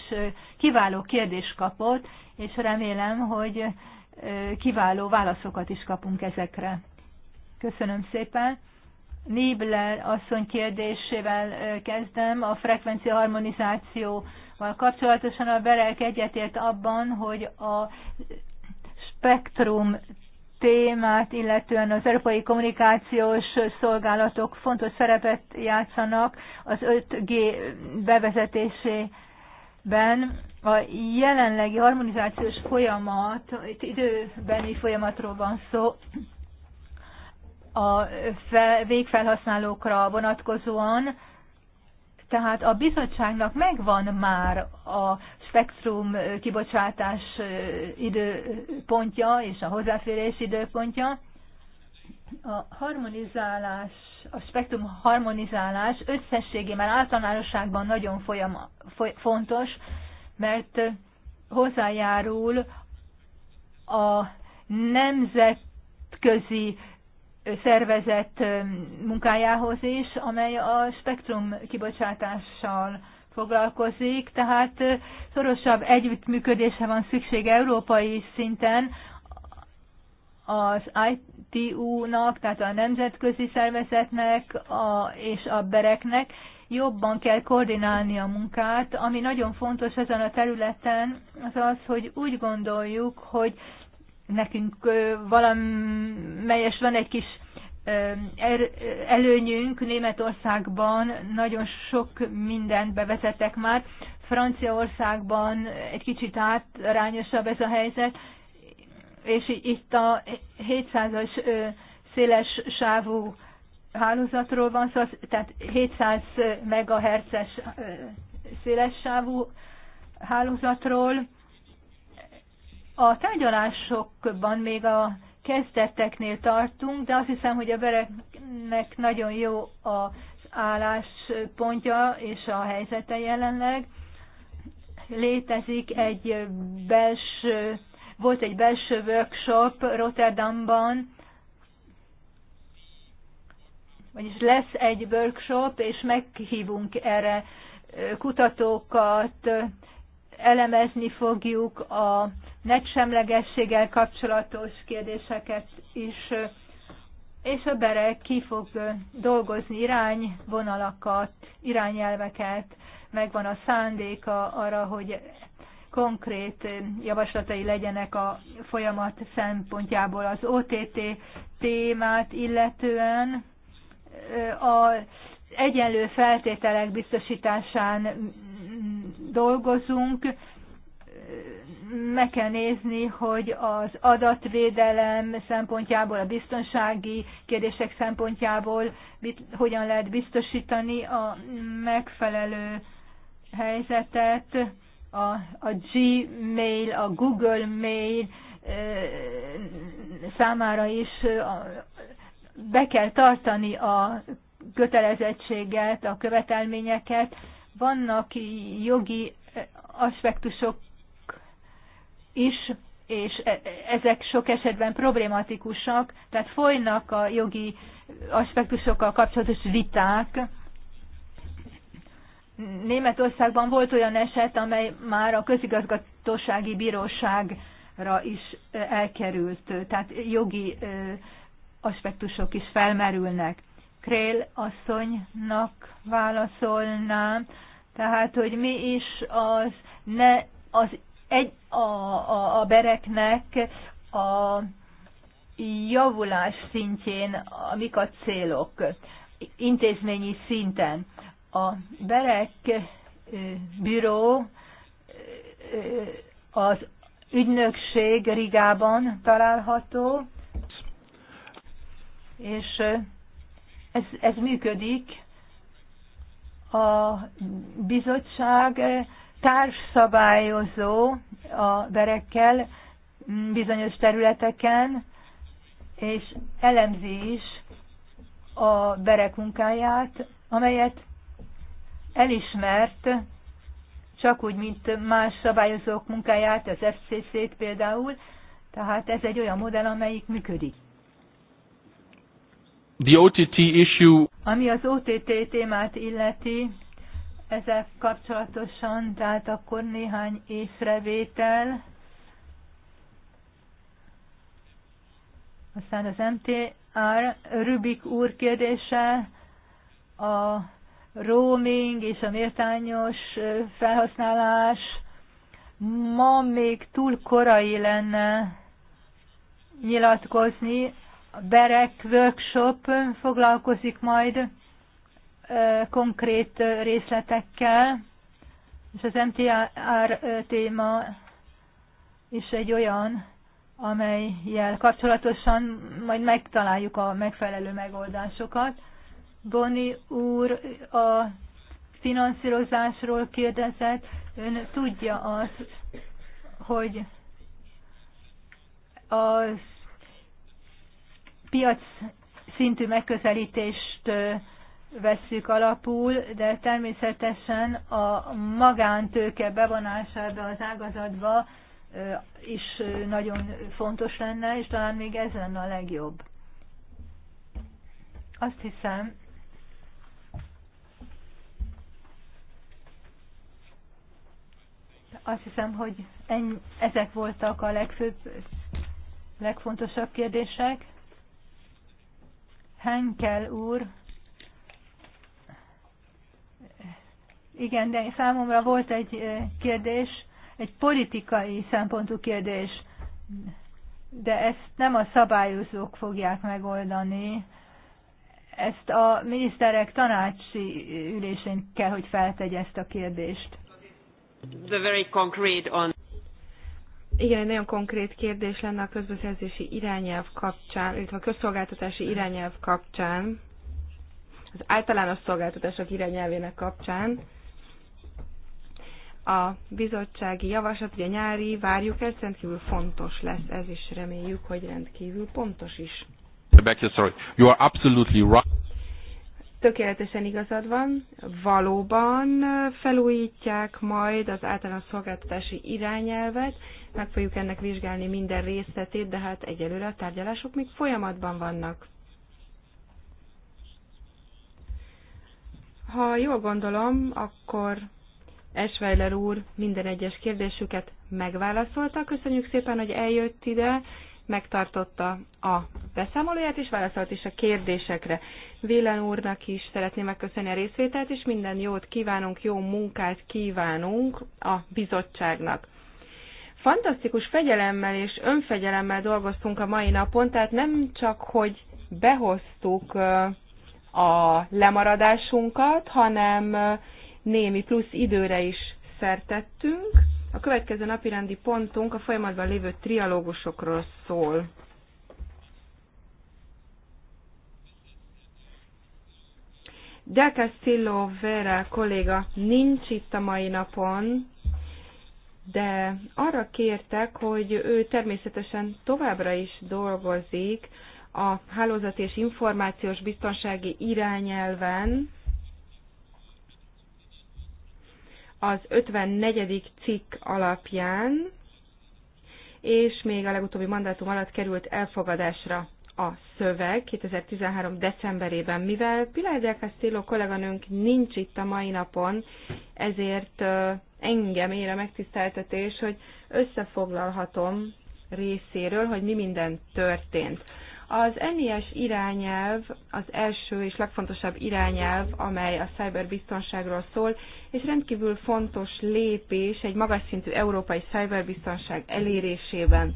kiváló kérdést kapott, és remélem, hogy kiváló válaszokat is kapunk ezekre. Köszönöm szépen. Nibler asszony kérdésével kezdem, a frekvencia harmonizációval kapcsolatosan a Berek egyetért abban, hogy a spektrum témát, illetően az európai kommunikációs szolgálatok fontos szerepet játszanak az 5G bevezetésében. A jelenlegi harmonizációs folyamat, itt időbeni folyamatról van szó, a fel, végfelhasználókra vonatkozóan, tehát a bizottságnak megvan már a spektrum kibocsátás időpontja és a hozzáférés időpontja. A harmonizálás, a spektrum harmonizálás összességében általánosságban nagyon folyam, foly, fontos, mert hozzájárul a nemzetközi szervezet munkájához is, amely a spektrum kibocsátással foglalkozik, tehát szorosabb együttműködése van szükség európai szinten az ITU-nak, tehát a nemzetközi szervezetnek a, és a bereknek jobban kell koordinálni a munkát. Ami nagyon fontos ezen a területen, az az, hogy úgy gondoljuk, hogy nekünk valamelyes van egy kis er, előnyünk Németországban nagyon sok mindent bevezettek már. Franciaországban egy kicsit átrányosabb ez a helyzet, és itt a 700-as széles sávú hálózatról van szó, tehát 700 MHz-es széles sávú hálózatról, a tárgyalásokban még a kezdeteknél tartunk, de azt hiszem, hogy a bereknek nagyon jó az álláspontja és a helyzete jelenleg. Létezik egy belső, volt egy belső workshop Rotterdamban, vagyis lesz egy workshop, és meghívunk erre kutatókat, elemezni fogjuk a netsemlegességgel kapcsolatos kérdéseket is, és a BERE ki fog dolgozni irányvonalakat, irányelveket, megvan a szándéka arra, hogy konkrét javaslatai legyenek a folyamat szempontjából az OTT témát illetően. A egyenlő feltételek biztosításán dolgozunk, meg kell nézni, hogy az adatvédelem szempontjából, a biztonsági kérdések szempontjából mit, hogyan lehet biztosítani a megfelelő helyzetet. A, a Gmail, a Google Mail számára is be kell tartani a kötelezettséget, a követelményeket. Vannak jogi aspektusok is, és e, e, ezek sok esetben problematikusak, tehát folynak a jogi aspektusokkal kapcsolatos viták. Németországban volt olyan eset, amely már a közigazgatósági bíróságra is e, elkerült, tehát jogi aspektusok is felmerülnek. Krél asszonynak válaszolnám, tehát, hogy mi is az, ne, az egy, a, a, a bereknek a javulás szintjén, amik a célok intézményi szinten. A berek büró az ügynökség Rigában található, és ez, ez működik. A bizottság társszabályozó a berekkel bizonyos területeken, és elemzi is a berek munkáját, amelyet elismert, csak úgy, mint más szabályozók munkáját, az FCC-t például, tehát ez egy olyan modell, amelyik működik. The OTT issue. Ami az OTT témát illeti, ezzel kapcsolatosan, tehát akkor néhány észrevétel. Aztán az MTR Rubik úr kérdése, a roaming és a méltányos felhasználás ma még túl korai lenne nyilatkozni. A Berek workshop foglalkozik majd konkrét részletekkel, és az MTR téma is egy olyan, amelyel kapcsolatosan majd megtaláljuk a megfelelő megoldásokat. Boni úr a finanszírozásról kérdezett, ön tudja azt, hogy a piac szintű megközelítést vesszük alapul, de természetesen a magántőke bevonásába az ágazatba is nagyon fontos lenne, és talán még ez lenne a legjobb. Azt hiszem, azt hiszem, hogy ennyi, ezek voltak a legfőbb, legfontosabb kérdések. Henkel úr, Igen, de számomra volt egy kérdés, egy politikai szempontú kérdés, de ezt nem a szabályozók fogják megoldani, ezt a miniszterek tanácsi ülésén kell, hogy feltegye ezt a kérdést.
The very concrete on...
Igen, egy nagyon konkrét kérdés lenne a közbeszerzési
irányelv kapcsán, illetve a közszolgáltatási irányelv kapcsán, az általános szolgáltatások irányelvének kapcsán a bizottsági javaslat, ugye nyári, várjuk ezt, rendkívül fontos lesz ez is, reméljük, hogy rendkívül pontos is.
Rebecca, sorry, you are absolutely right.
Tökéletesen igazad van, valóban felújítják majd az általános szolgáltatási irányelvet, meg fogjuk ennek vizsgálni minden részletét, de hát egyelőre a tárgyalások még folyamatban vannak. Ha jól gondolom, akkor Esweiler úr minden egyes kérdésüket megválaszolta. Köszönjük szépen, hogy eljött ide, megtartotta a beszámolóját, és válaszolt is a kérdésekre. Vélen úrnak is szeretném megköszönni a részvételt, és minden jót kívánunk, jó munkát kívánunk a bizottságnak fantasztikus fegyelemmel és önfegyelemmel dolgoztunk a mai napon, tehát nem csak, hogy behoztuk a lemaradásunkat, hanem némi plusz időre is szertettünk. A következő napirendi pontunk a folyamatban lévő trialógusokról szól. De Castillo Vera kolléga nincs itt a mai napon, de arra kértek, hogy ő természetesen továbbra is dolgozik a hálózat és információs biztonsági irányelven, az 54. cikk alapján, és még a legutóbbi mandátum alatt került elfogadásra a szöveg 2013. decemberében. Mivel Pilar del Castillo kolléganőnk nincs itt a mai napon, ezért engem ér a megtiszteltetés, hogy összefoglalhatom részéről, hogy mi minden történt. Az NIS irányelv az első és legfontosabb irányelv, amely a cyberbiztonságról szól, és rendkívül fontos lépés egy magas szintű európai cyberbiztonság elérésében.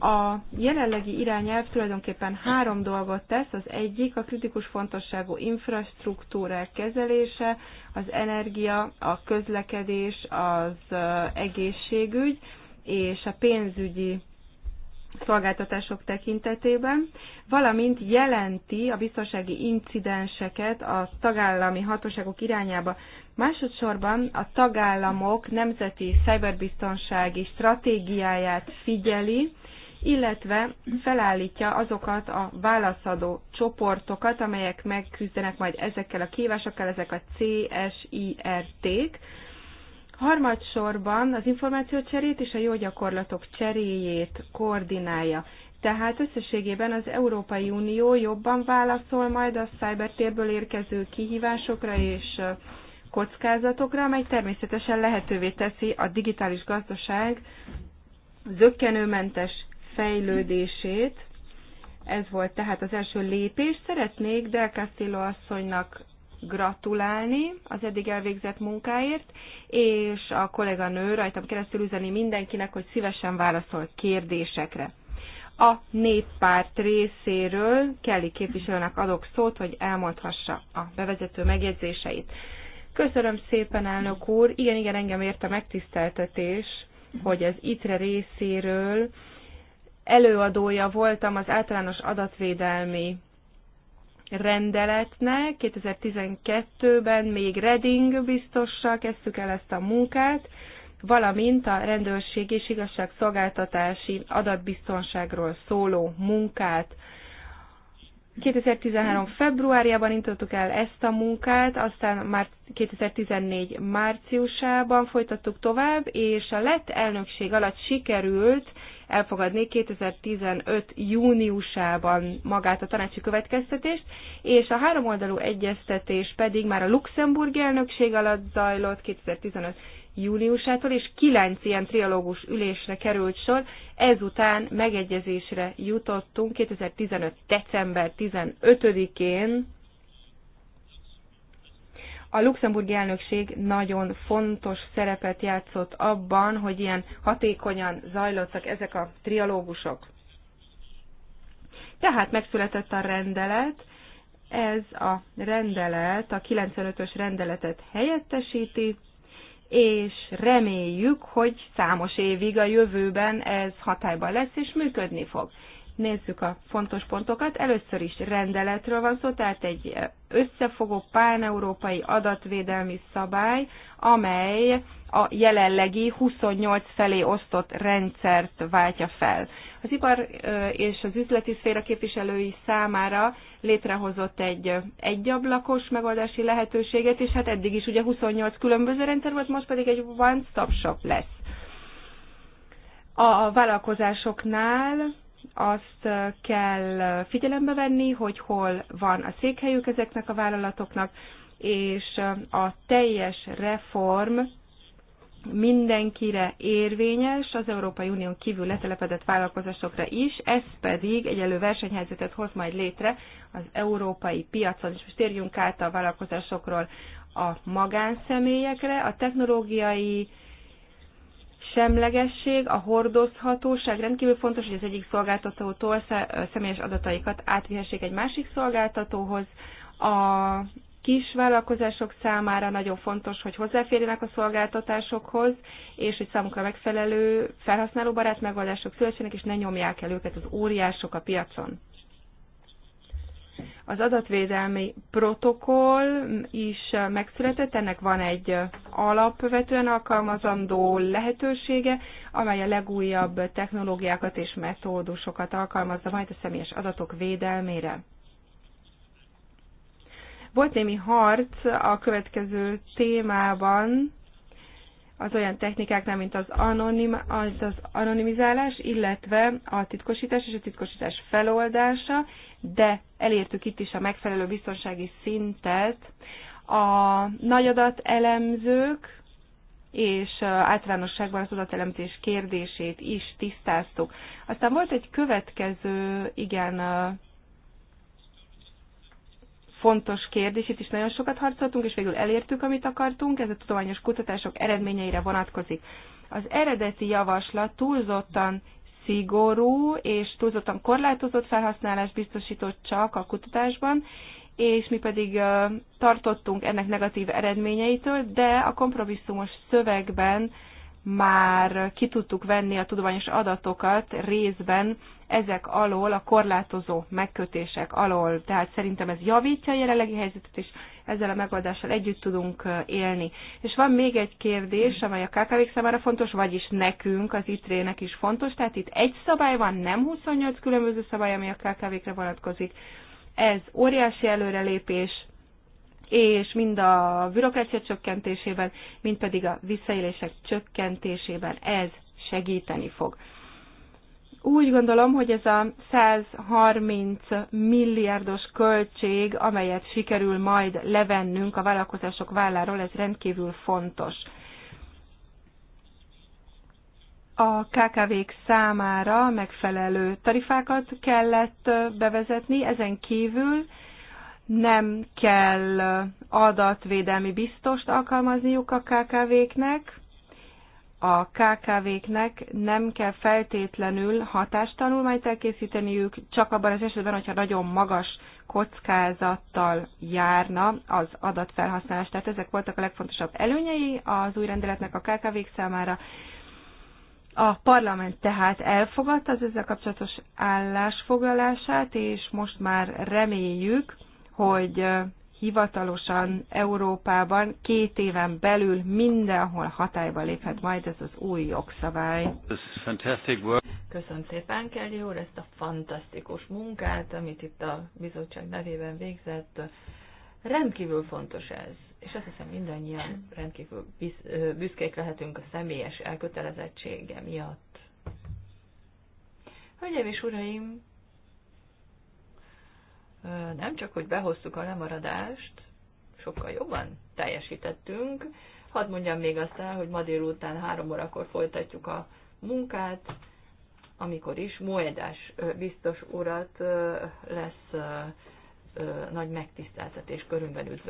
A jelenlegi irányelv tulajdonképpen három dolgot tesz. Az egyik a kritikus fontosságú infrastruktúrák kezelése, az energia, a közlekedés, az egészségügy és a pénzügyi szolgáltatások tekintetében, valamint jelenti a biztonsági incidenseket a tagállami hatóságok irányába. Másodszorban a tagállamok nemzeti szájberbiztonsági stratégiáját figyeli, illetve felállítja azokat a válaszadó csoportokat, amelyek megküzdenek majd ezekkel a kívásokkal, ezek a CSIRT-k, Harmadsorban az információcserét és a jó gyakorlatok cseréjét koordinálja. Tehát összességében az Európai Unió jobban válaszol majd a szájbertérből érkező kihívásokra és kockázatokra, amely természetesen lehetővé teszi a digitális gazdaság zöggenőmentes fejlődését. Ez volt tehát az első lépés. Szeretnék Del Castillo asszonynak gratulálni az eddig elvégzett munkáért, és a kolléganő rajtam keresztül üzeni mindenkinek, hogy szívesen válaszol kérdésekre. A néppárt részéről Kelly képviselőnek adok szót, hogy elmondhassa a bevezető megjegyzéseit. Köszönöm szépen, elnök úr. Igen, igen, engem ért a megtiszteltetés, hogy az ITRE részéről előadója voltam az általános adatvédelmi rendeletnek. 2012-ben még Reding biztossal kezdtük el ezt a munkát, valamint a rendőrség és igazságszolgáltatási adatbiztonságról szóló munkát. 2013. februárjában intottuk el ezt a munkát, aztán már 2014. márciusában folytattuk tovább, és a lett elnökség alatt sikerült elfogadni 2015. júniusában magát a tanácsi következtetést, és a háromoldalú egyeztetés pedig már a Luxemburgi elnökség alatt zajlott 2015 júniusától, és kilenc ilyen trialógus ülésre került sor. Ezután megegyezésre jutottunk 2015. december 15-én a luxemburgi elnökség nagyon fontos szerepet játszott abban, hogy ilyen hatékonyan zajlottak ezek a trialógusok. Tehát megszületett a rendelet, ez a rendelet a 95-ös rendeletet helyettesíti, és reméljük, hogy számos évig a jövőben ez hatályban lesz és működni fog. Nézzük a fontos pontokat. Először is rendeletről van szó, tehát egy összefogó páneurópai adatvédelmi szabály, amely a jelenlegi 28 felé osztott rendszert váltja fel. Az ipar és az üzleti szféra képviselői számára létrehozott egy egyablakos megoldási lehetőséget, és hát eddig is ugye 28 különböző rendszer volt, most pedig egy one-stop shop lesz. A vállalkozásoknál azt kell figyelembe venni, hogy hol van a székhelyük ezeknek a vállalatoknak, és a teljes reform mindenkire érvényes, az Európai Unión kívül letelepedett vállalkozásokra is, ez pedig egyelő versenyhelyzetet hoz majd létre az európai piacon. És most térjünk át a vállalkozásokról a magánszemélyekre, a technológiai semlegesség, a hordozhatóság rendkívül fontos, hogy az egyik szolgáltatótól személyes adataikat átvihessék egy másik szolgáltatóhoz. A kis vállalkozások számára nagyon fontos, hogy hozzáférjenek a szolgáltatásokhoz, és hogy számukra megfelelő felhasználóbarát megoldások szülessenek, és ne nyomják el őket az óriások a piacon. Az adatvédelmi protokoll is megszületett, ennek van egy alapvetően alkalmazandó lehetősége, amely a legújabb technológiákat és metódusokat alkalmazza majd a személyes adatok védelmére. Volt némi harc a következő témában, az olyan technikáknál, mint az, anonim, az, az anonimizálás, illetve a titkosítás és a titkosítás feloldása, de elértük itt is a megfelelő biztonsági szintet. A nagyadat elemzők és általánosságban az adatelemzés kérdését is tisztáztuk. Aztán volt egy következő, igen, fontos kérdés, itt is nagyon sokat harcoltunk, és végül elértük, amit akartunk, ez a tudományos kutatások eredményeire vonatkozik. Az eredeti javaslat túlzottan szigorú és túlzottan korlátozott felhasználást biztosított csak a kutatásban, és mi pedig tartottunk ennek negatív eredményeitől, de a kompromisszumos szövegben már ki tudtuk venni a tudományos adatokat részben ezek alól, a korlátozó megkötések alól. Tehát szerintem ez javítja a jelenlegi helyzetet, és ezzel a megoldással együtt tudunk élni. És van még egy kérdés, amely a kkv számára fontos, vagyis nekünk, az ITRE-nek is fontos. Tehát itt egy szabály van, nem 28 különböző szabály, ami a KKV-kre vonatkozik. Ez óriási előrelépés, és mind a bürokrácia csökkentésében, mind pedig a visszaélések csökkentésében ez segíteni fog. Úgy gondolom, hogy ez a 130 milliárdos költség, amelyet sikerül majd levennünk a vállalkozások válláról, ez rendkívül fontos a KKV-k számára megfelelő tarifákat kellett bevezetni, ezen kívül nem kell adatvédelmi biztost alkalmazniuk a KKV-knek, a KKV-knek nem kell feltétlenül hatástanulmányt elkészíteniük, csak abban az esetben, hogyha nagyon magas kockázattal járna az adatfelhasználás. Tehát ezek voltak a legfontosabb előnyei az új rendeletnek a KKV-k számára. A parlament tehát elfogadta az ezzel kapcsolatos állásfoglalását, és most már reméljük, hogy hivatalosan Európában két éven belül mindenhol hatályba léphet majd
ez az új jogszabály. Köszönöm szépen, Kelly úr, ezt a fantasztikus munkát, amit itt a bizottság nevében végzett. Rendkívül fontos ez, és azt hiszem mindannyian rendkívül büszkék lehetünk a személyes elkötelezettsége miatt. Hölgyeim és uraim, nem csak, hogy behoztuk a lemaradást, sokkal jobban teljesítettünk. Hadd mondjam még azt el, hogy ma délután három órakor folytatjuk a munkát, amikor is Moedás
biztos urat lesz nagy megtiszteltetés körünkben üdvözlő.